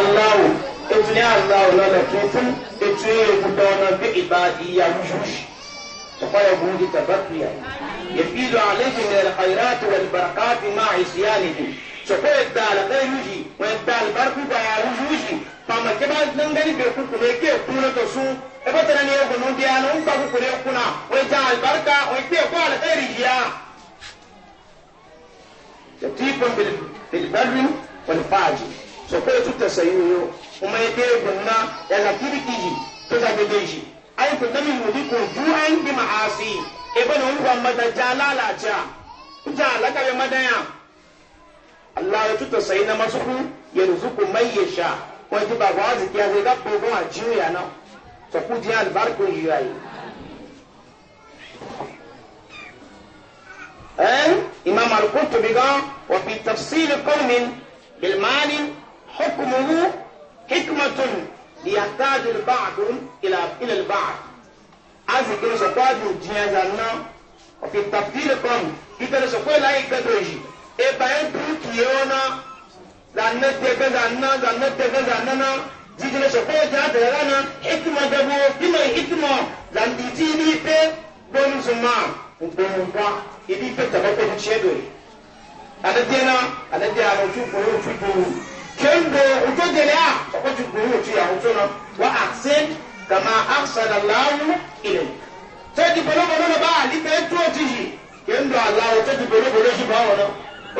Allahu, it's now Allah, not a ce ku da wani bi ibadi ya yushi su kwaya buji tabbatu ya yafizu alaikum min alkhairat wal barakat ma isyanihi su kwaya da alkai yushi wa da albarku da ya yushi ba ma ke ba nan gari be ku kuma ke kuna to su e ba tana ne ko non dia non ba ku kure kuna wa da albarka wa ke ko alkhairi ya yatikum bil bil barri wal fajr so ko tu tasayyuyo kuma yake gunna yana kirkiji tó ṣàgbégbé yìí ayé kò tẹ́lẹ̀ ìwòdì kò ju ayé bí mà á sí ebe na olùkọ́ mbàdà já lálàjà jà alákàbẹ̀ mọ́dáyà aláwọ̀ tó tọ̀sọ̀ yìí na masukú yẹnu zukú mayé ṣá wọ́n ti bàbá wá zìkì àti ìgbà pọ̀ fún àjíríyà náà tọ̀kú di alibarikó yìí ayé. إمام القرطبي قال وفي تفصيل قوم بالمال حكمه حكمة liyataju البعض ila ila ba'd azike so kwaju jiyan zanna fi tafsir kom itele so ko lai kadoji e bayan tuki yona zanna te ga zanna zanna te ga zanna na jijile so ko ja da rana hikma da bo kima hikma zan diti ni pe gonu suma ubon ba idi pe tabako ni chedo ada tena ada dia no chu ko chu kendo ujogele a ọkọtụ gburu otu ya ụtụ nọ wa aksin kama aksana lawu ile tẹ́tí bọ́lọ́bọ́lọ́ lọ bá àlífẹ́ tó ti yìí kendo aláwọ̀ tẹ́tí bọ́lọ́bọ́lọ́ yìí bá wọn lọ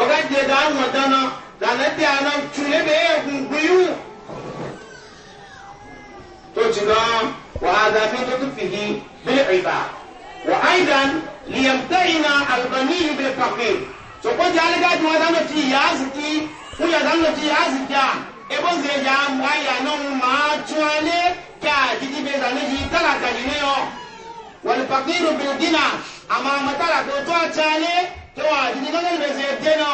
ọgá jẹ dáhùn dáná lànà tí a náà tún lébè eégún gbìyù tó ti lọ wà á dàbí tó fi yìí bí ìbá wà á yìí dàn lìyàm tẹ́yìn náà àlùbáníyì bẹ́ẹ̀ pàkì sọ̀kọ́jà ŋun yàtọ̀ ŋun ti yàá sì dà ebo zè yà á yà nà ŋun màá tún ẹ kí a títí bẹ sànni yìí tàlà kàyí ní yọ wọlé pàkìrù bìrì dínà àmà àmà tàlà tó tó a tà ní tó a títí kankan bẹ sè dé nà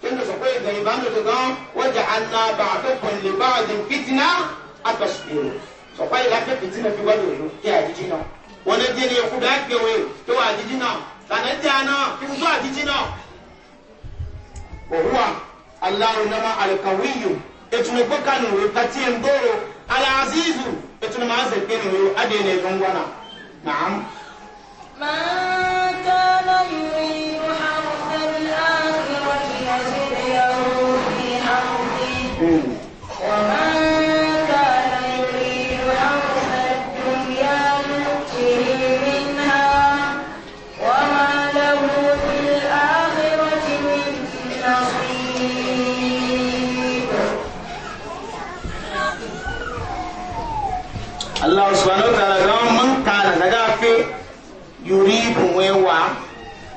kí n tó sọ pé ìgbẹ̀yìn bá ń tó gan wọ́n jà á nà bàtó kọ̀lì bá a dín fitinà a tọ̀ sùpèrè sọ pé ìlà fẹ́ fitinà fi wọ́n lòlù kí a títí nà wọlé dín ní ekú bẹ́ẹ̀ gbẹ̀wé tó a títí nà lànà tí a nà kí n tó a títí nà òwúwa. Allahu nama alkawiyu etuna gboka nu pati ndoro alazizu etuna ma ze pe nu ade ne gongwana na'am man kana yuridu harfan Allah subhanahu wa ta'ala ga man kana daga fi yuribu wewa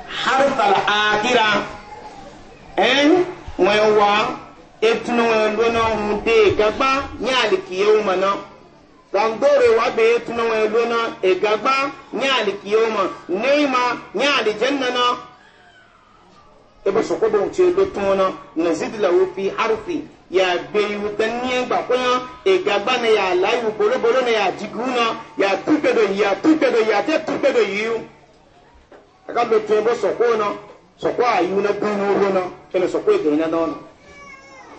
harfal akhira en wewa etunu welono hunde gagba nyali kiyoma na randore wa be etunu welono e gagba nyali kiyoma neema nyali janna na ebe sokodo ce betuna nazid lahu fi harfi ya gbeyiwu taniye gbakwanya egagba na ya alayiwu bolobolo na ya jigiwu na ya tupedo ya tupedo ya te tupedo yiwu aka lo tun bo sɔkò na sɔkò ayiwu na dunu wo na kyɛnɛ sɔkò egbɛyin na nɔɔna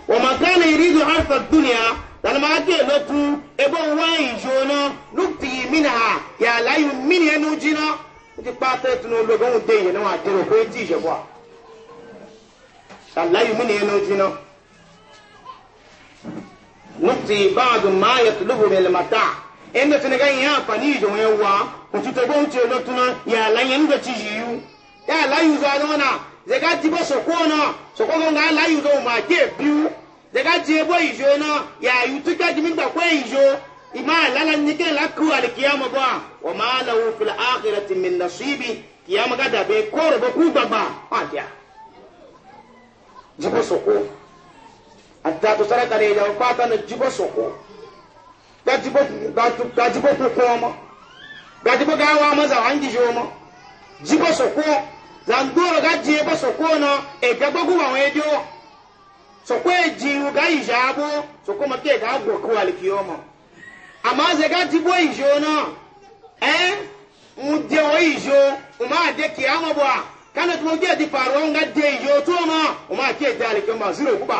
wɔn ma kan na yiri do arfa duniya lana ma ake lo tu ebo wayi jo na lukti mina ha ya alayiwu mini ɛnu ji na o ti kpa ata tunu ologun de yi na wa tere o ko eti ìṣẹ̀bọ̀ a alayiwu mini nukti baadu ma yatlubu min almata ende tene ga ya pani jo ya wa ko tute go nche lo tuna ya la yen go chi yu ya la yu za no na ze ga ti bo so ko no so ko go ga la yu do ma ke biu ze ga ti bo ijo no ya yu tu ka ji mi gba ko ijo ima la la ni ke la ku al kiyama ba wa ma lahu fil akhirati min nasibi kiyama ga da be ko ro bo ku baba pa ja jibo so ko àtàtò sáràkà ní ìyàwó pátá ní jíbọ̀ sọ̀kọ́ gbajúbọ̀ kúkọ́ ọmọ gbajúbọ̀ gáwọ́ ọmọ zàwọn jìjì ọmọ jíbọ̀ sọ̀kọ́ zàǹdóró gájì ẹbọ̀ sọ̀kọ́ náà ẹ̀gbẹ́gbọ́gbọ́ àwọn ẹdí ọ sọ̀kọ́ èjì ìwògá ìyà abó sọ̀kọ́ mọ̀ kí ẹ̀gá gbọ̀kú àlìkì ọmọ àmọ́ ṣe gájúbọ̀ ìyò náà ẹ́ ń dé wọ́n ìyò ọmọ àdé kìí àmọ́ bọ̀ à kánà tó mọ̀ kí ẹ̀dí pàrọ̀ ń gá dé ìyò tó ọmọ ọmọ àkíyèdè àlìkì ọmọ zero kúbà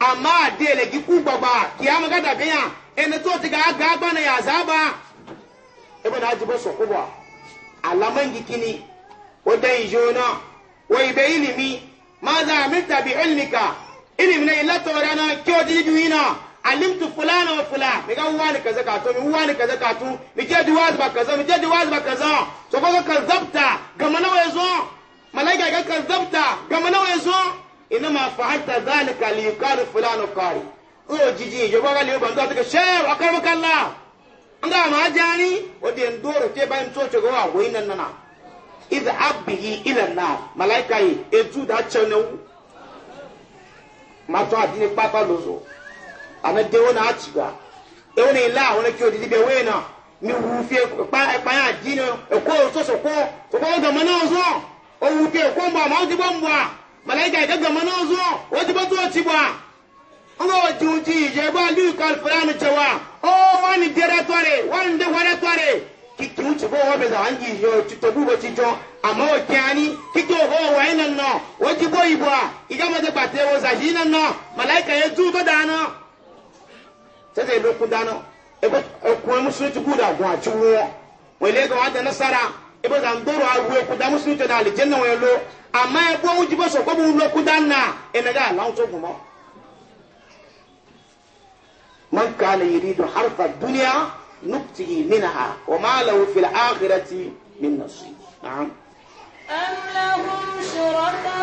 amma dele gi ku gbagba kiyama ga da biya ene to ti ga ga gba na ya zaba ibn haji bo so kuwa alaman gi kini o dai jona wa ibe ilimi ma za amilta bi ilmika ilimi na illa to rana ki o di duina alimtu fulana wa fulana mi ga wani kaza ka to mi wani kaza ka to mi ke di wazba kaza mi ke di wazba kaza so ko ka zabta gama nawa yazo malaika ga ka zabta gama nawa yazo إنما فعلت ذلك ليقال فلان قاري ó jìjì ìjọba wà lè ó bàndó àtúkẹ ṣe ọkọ̀mọ́kànlá ń gbà máa já ní òde ndóró tí bá malaika gaga mana zo wata ba zo ci ba ngo wati uti je ba lu kal qur'an cewa o wani dera tore wani de wala tore ki tu ci wabe za angi yo ci to bu ba ci jo amma o kyani ki ho wa ina no wati bo ibwa iga ma de bate wo za jina no malaika ye tu ba dano sai dai lokun dano e ko ko musu ci guda gwa ci wo wele ga wata nasara ebe da ndoro awu ekuda musu te da alijanna wa lo ama ebo wuji bo so ko bu lo kuda na enega ala unto gumo man kana yuridu harfa dunya nuktihi minha wa ma lahu fil akhirati min nasib na'am am lahum shuraka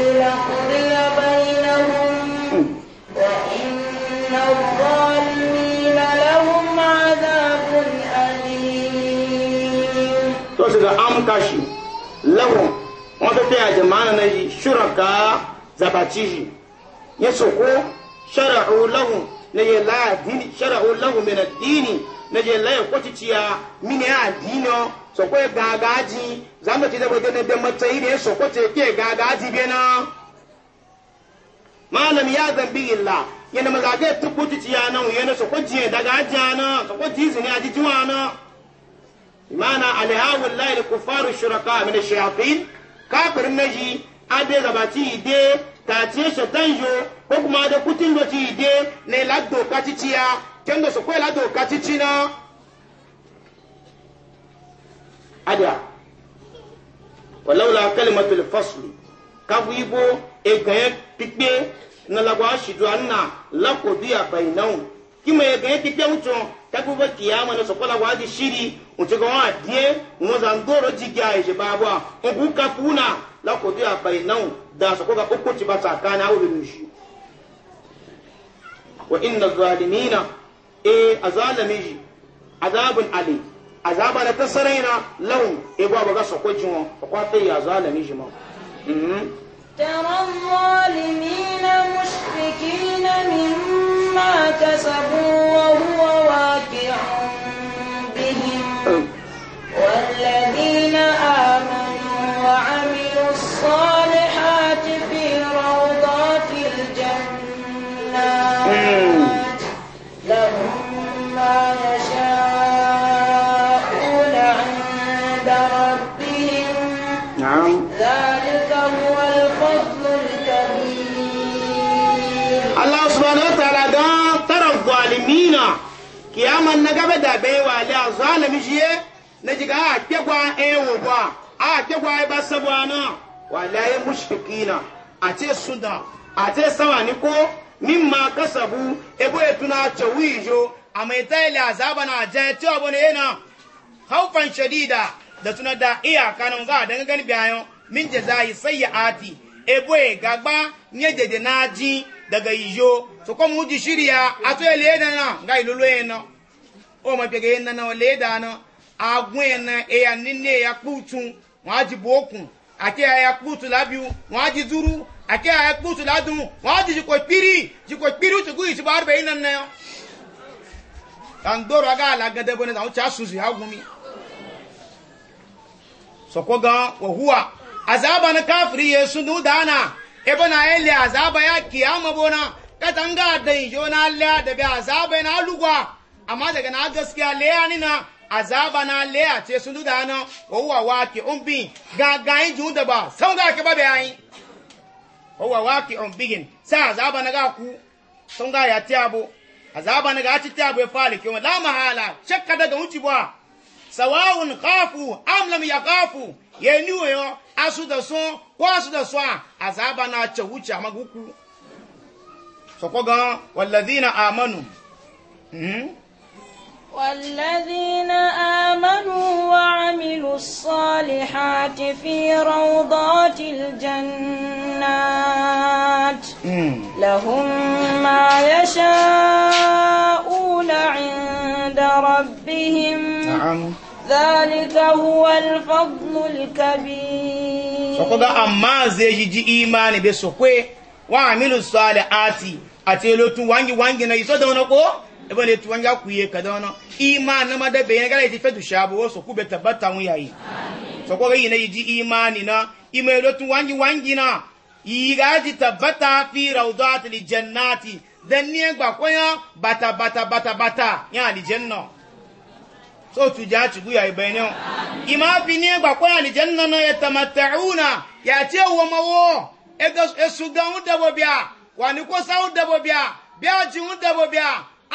لقضي بينهم وإن الظالمين لهم عذاب أليم تقصد أمكاشي لهم wọ́n ya àjẹmánà náà yìí ṣúrọ̀ká zabatí yìí yẹ́sọ̀kó ṣẹ́rẹ̀ ọ̀hún lọ́hùn lẹ́yìn láàdínì na je layan kwaci ciya mini a dino so kwaye gagaji za mu ci da wajen na dan matsayi ne so kwace ke gagaji be na malam ya zambi illa yana mazaga ta kwaci ciya nan yana so kwaci daga na so kwaci izini a jijuwa na imana alhawul lail kufaru shuraka min shayatin kafirin naji abe zabati ide ta ce shaitan yo ko kuma da kutin do ci ide ne laddo kaci ciya kendo su kwela do kacici na ada walaula kalimatul fasl kabu ibo e gaye pikpe na lagwa shidu anna lakodia bainahum kima e gaye pikpe ucho kabu ba kiyama na sokola wa di shiri ucho ga wa die mo zangoro jigya e je babwa ogu kafuna lakodia bainahum da sokoga okoti ba tsakana awu shi wa inna zalimina ايه ازال میجی عذاب علي إيه عذاب على تسرينا لون ايه بابا گا سکو جو وقوات اے ازال میجی مو ترى الظالمين مشفقين مما كسبوا وهو واقع بهم والذين آمنوا وعملوا الصالحات في روضات الجنة kiyama na gaba da bai wale a zalimi mijiye na jiga a kegwa ewu e ba a kegwa ba sabuwa na wale ya mushriki na a ce suda a ce sama ko min ma kasabu ebo ya e tuna ce wijo a mai tayali azaba na jan ce abu ne yana haufan shadida da tuna da iyaka nan ga dangane biyan min jazayi sayyati ebo ya e gagba nye dede na ji daga yiyo so ko mu ji shirya a to le da na ga ilolo yen na o ma pege yen na le da na agun yen na e ya ninne ya kputun won ji bokun ake ya kputu labiu won a ji duru ake ya kputu ladun won a ji ko piri ji ko piri to gu ti bar yen na tandoro aga ala gade bone da o cha suzu ya gumi so ko ga wa huwa azaba na yesu nu dana ebe na ele azaba ya kiyama bona katanga da ijo na Allah da bi azaba na lugwa amma daga na gaskiya le ani na azaba na le a ce sun duda na wa wa ki on umbi ga ga yin ju da ba sau ga ke ba be ayi wa wa ki on umbigin sa azaba na ga ku sun ga ya ti tiabo azaba na ga ti ci tiabo ya fali ki la mahala shakka daga wuci ba sawawun kafu am lam yakafu yeni weyo asu da sun ko asu da sun azaba na ce wuce a maguku so ko ga wallazina amanu والذين آمنوا وعملوا الصالحات في روضات الجنات لهم ما يشاءون عند عند ربهم نعم ذلك هو الفضل الكبير فقد أما زيجي إيماني بسوكوي وعملوا الصالحات أتيلوتو وانجي وانجي نيسو دونكو ebe ne tuwan ya kuye ka da wannan imani na madabe ya gara ya tafi da shabu wasu ku bai tabbata mun yayi so ko yi na yi ji imani na imai lotun wangi wangi na yi gaji tabbata fi rawdat al jannati then ní bata bata bàtà bàtà bàtà bàtà yẹn so tùjà atugu yà ìbẹ̀ ni ọ. ìmọ̀ àfi ní ẹgbà kọ́yán ọmọ gan wà ní kósá ń dẹ̀bọ̀ bíà bíàjì ń dẹ̀bọ̀ bíà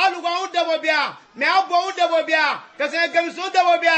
alùpùpù ń dẹ̀bọ̀ bíà mẹ́ àbọ̀ ń dẹ̀bọ̀ bíà kẹsàn án kẹmísì ń dẹ̀bọ̀ bíà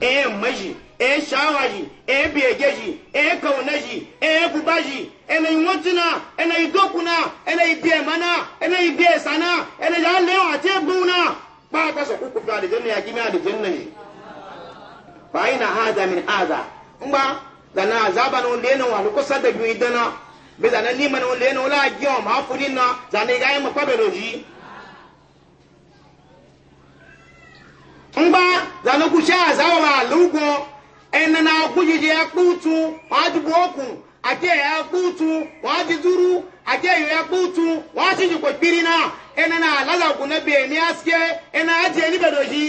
e maji e shawaji e begeji e kaunaji e bubaji e na iwantuna dokuna na idokuna e na ibe mana e na ibe sana e na ya lewa te buna ba ta so kuku fa aljanna ya kimi aljanna ne fa ina hada min hada ngba da na azaba no le na walu ko sada dana idana be da na ni no le na la gi o ma fudin na da ne ga yi ma pabeloji mgba zanokwuchi azawa alugwo ene na akwujiji akpa ụtụ wadubu okwu akeyi akpa ụtụ wadiduru akeyi akpa ụtụ wachijikwa kpiri na alaza na alazagwu na bemi aske ene aji enibedoji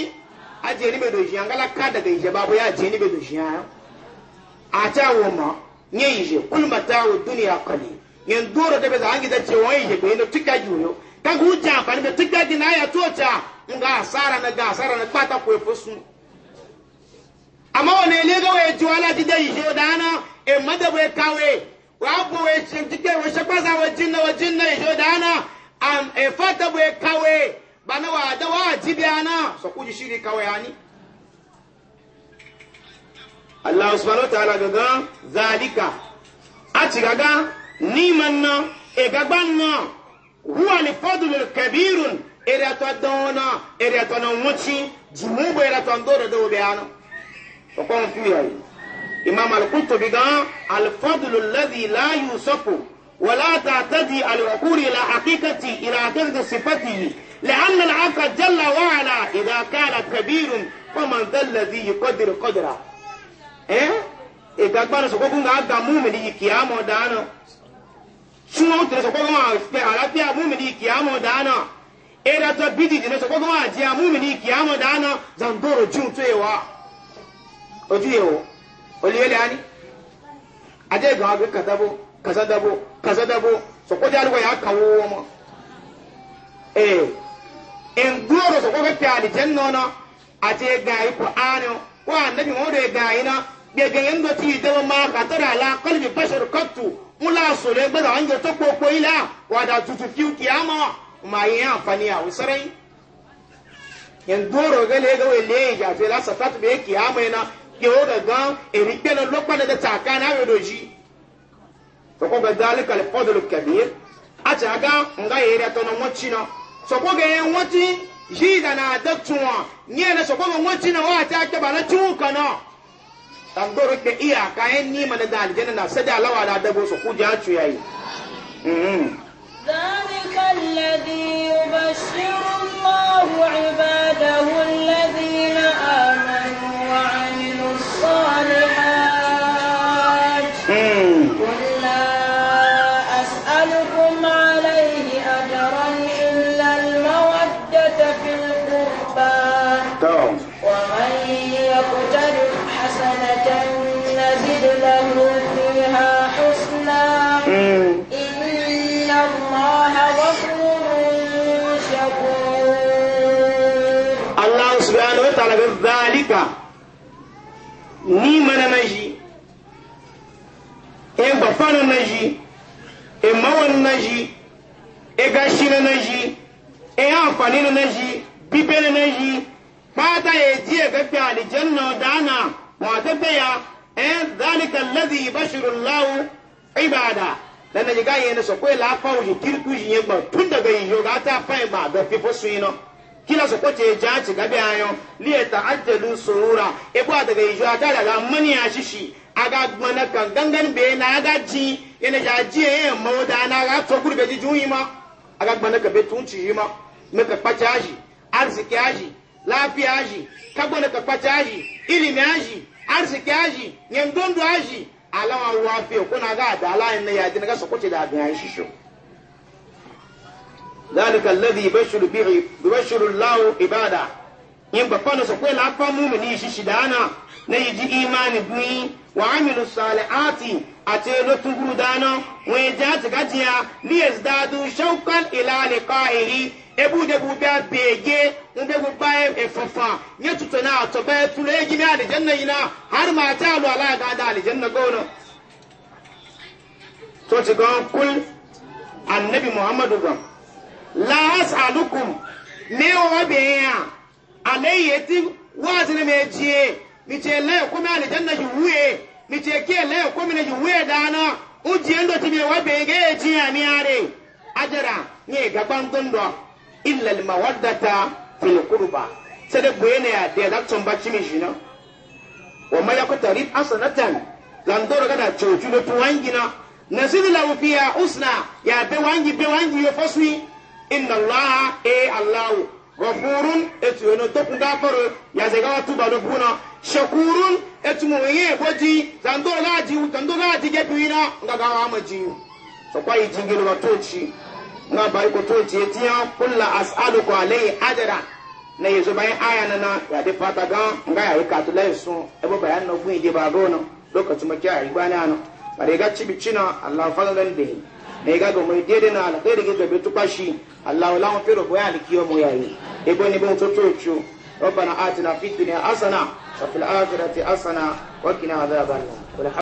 aji enibedoji angala kada daga ije babu ya aji enibedoji ya acha woma nye ije kulmata wa duniya kali yen doro da beza angi da ce wani ije bayin da tuka juyo kaga wuce amfani da tukka gina ya toca in ga asara na ga asara na kpata ko efo sun amma wani ile ga waye ji wala ji dai jo dana e mada bai kawe wa bo waye cin dike wa shaba za wa jinna wa jinna jo dana am e fata bai kawe bana wa da wa ji biana so ku ji shiri kawe ani Allah subhanahu wa ta'ala gaga zalika a ci ni niman nan e eh, gagban na huwa lifadlun kabirun eratɔ dɔɔna eratɔ na ŋutsi jumu bɛ eratɔ ndoro dɔw bɛ yan nɔ o kɔn fi yɛ ye imam al-Qurtubi gan al-fadlu alladhi la yusafu wala ta'tadi al-uqul ila haqiqati ila haqiqati sifatihi لأن العبد جل وعلا إذا كان كبير فمن ذا الذي يقدر قدره إيه إذا كان سكوكو عبد مؤمن يكيامو دانو suna mutu soko kuma fe alafiya mumini kiyamo dana era to bidi ne soko kuma ajiya mumini kiyamo dana zandoro jun tuyewa ojuyewo oliyele ani aje ga ga kadabo kaza dabo kaza dabo soko jaluwa ya kawo ma eh en goro soko ga fe alijanna na aje ga yi qur'ani wa annabi mo de ga yi na gege yendo ti dawo ma katara la qalbi bashar qattu mula sore gbada an yato kpokpo ila wada tutu fiu kiyama ma yi amfani a wasarai yan doro ga le ga we le ya fe la satatu be kiyama na ke o ga gan eri pe na lokpa na ta ka na we doji to ko ga dalika al fadl kabir a ta ga nga yere to na mochi na so ko ga yan wati yi da na da tuwa nye na so ko ga mochi na wa ta ke ba na tuwa kana tambor ke iya kayan en ni mana da aljanna na sada lawala da boso ku ja chu yayi mm -hmm. dalika alladhi yubashshiru subhanahu wa ta'ala ga zalika ni mana na ji e bafana na ji e mawan na ji e gashi na na e amfani na na ji bibe na na ji fata e ya ji ya gafi alijanna dana wa ta taya e zalika allazi bashirullahu ibada dan na ji ga yana so ko la fa wuji kirku ji yamba tun daga yi yoga ta fa ma ga fifo su yi no kila su kwace ja ci gabi ayo liya ta'ajjalu surura e ba daga yi ta daga mani ya shi shi aga mana kan gangan be na aga ji yana ja ji e mo da na ga to kurbe ji yi ma aga mana ka be tun ci ma me ka kwace aji arziki aji lafiya aji ka gwana ka kwace aji ilimi aji arziki aji nyendondo aji alawa wafe kuna ga da alayin na ya ji na ga su kwace da abin ya shi ذلك الذي يبشر به يبشر الله عباده yin babban da sakwai lafan mumini shi shidana na yi ji imani ni wa amilu salihati a ce lotun guru dana wani ja ta gajiya liyas dadu shaukan ila liqa'ihi ebu de bu bia bege nde bu baye e fafa ye tutana to baye tule gina aljanna ina har ma ta lu ala ga da aljanna gono to ti gon kul annabi muhammadu gon la as'alukum ne wa beya alayyati wa ti ne meji mi ce me kuma janna ji wuye mi ce ke ko kuma ne ji wuye da o ji endo ti me wa be ge jiya mi are ajara ne ga bangon do illa al mawaddata fil qurba se de bo ne ya da da tumba chimi jina wa ma yaqtarib asanatan landoro kana chochu lo tuwangina nasidi la ufiya usna ya be wangi be wangi yo foswi inna allaha e allahu ghafurun etu yono toku gafaro ya zega watu ba nufuna shakurun etu mu ye boji e zando gaji zando gaji gebuina nga ga ama maji so kwa ijingiro watochi nga ba iko tochi etia kulla as'aluku alayhi ajra na yezo bayan aya nana ya de fata ga nga ya ikatu lai sun ebo bayan no gun ije ba gono lokacin makiya ibana no bare ga cibicina allah fadalan de na ga ga mai dede na alkhairi ga be tukwashi Allah wala mun ya boya alkiyo mu yayi e boni bon to to cho ربنا آتنا في الدنيا حسنة وفي الآخرة حسنة وقنا عذاب النار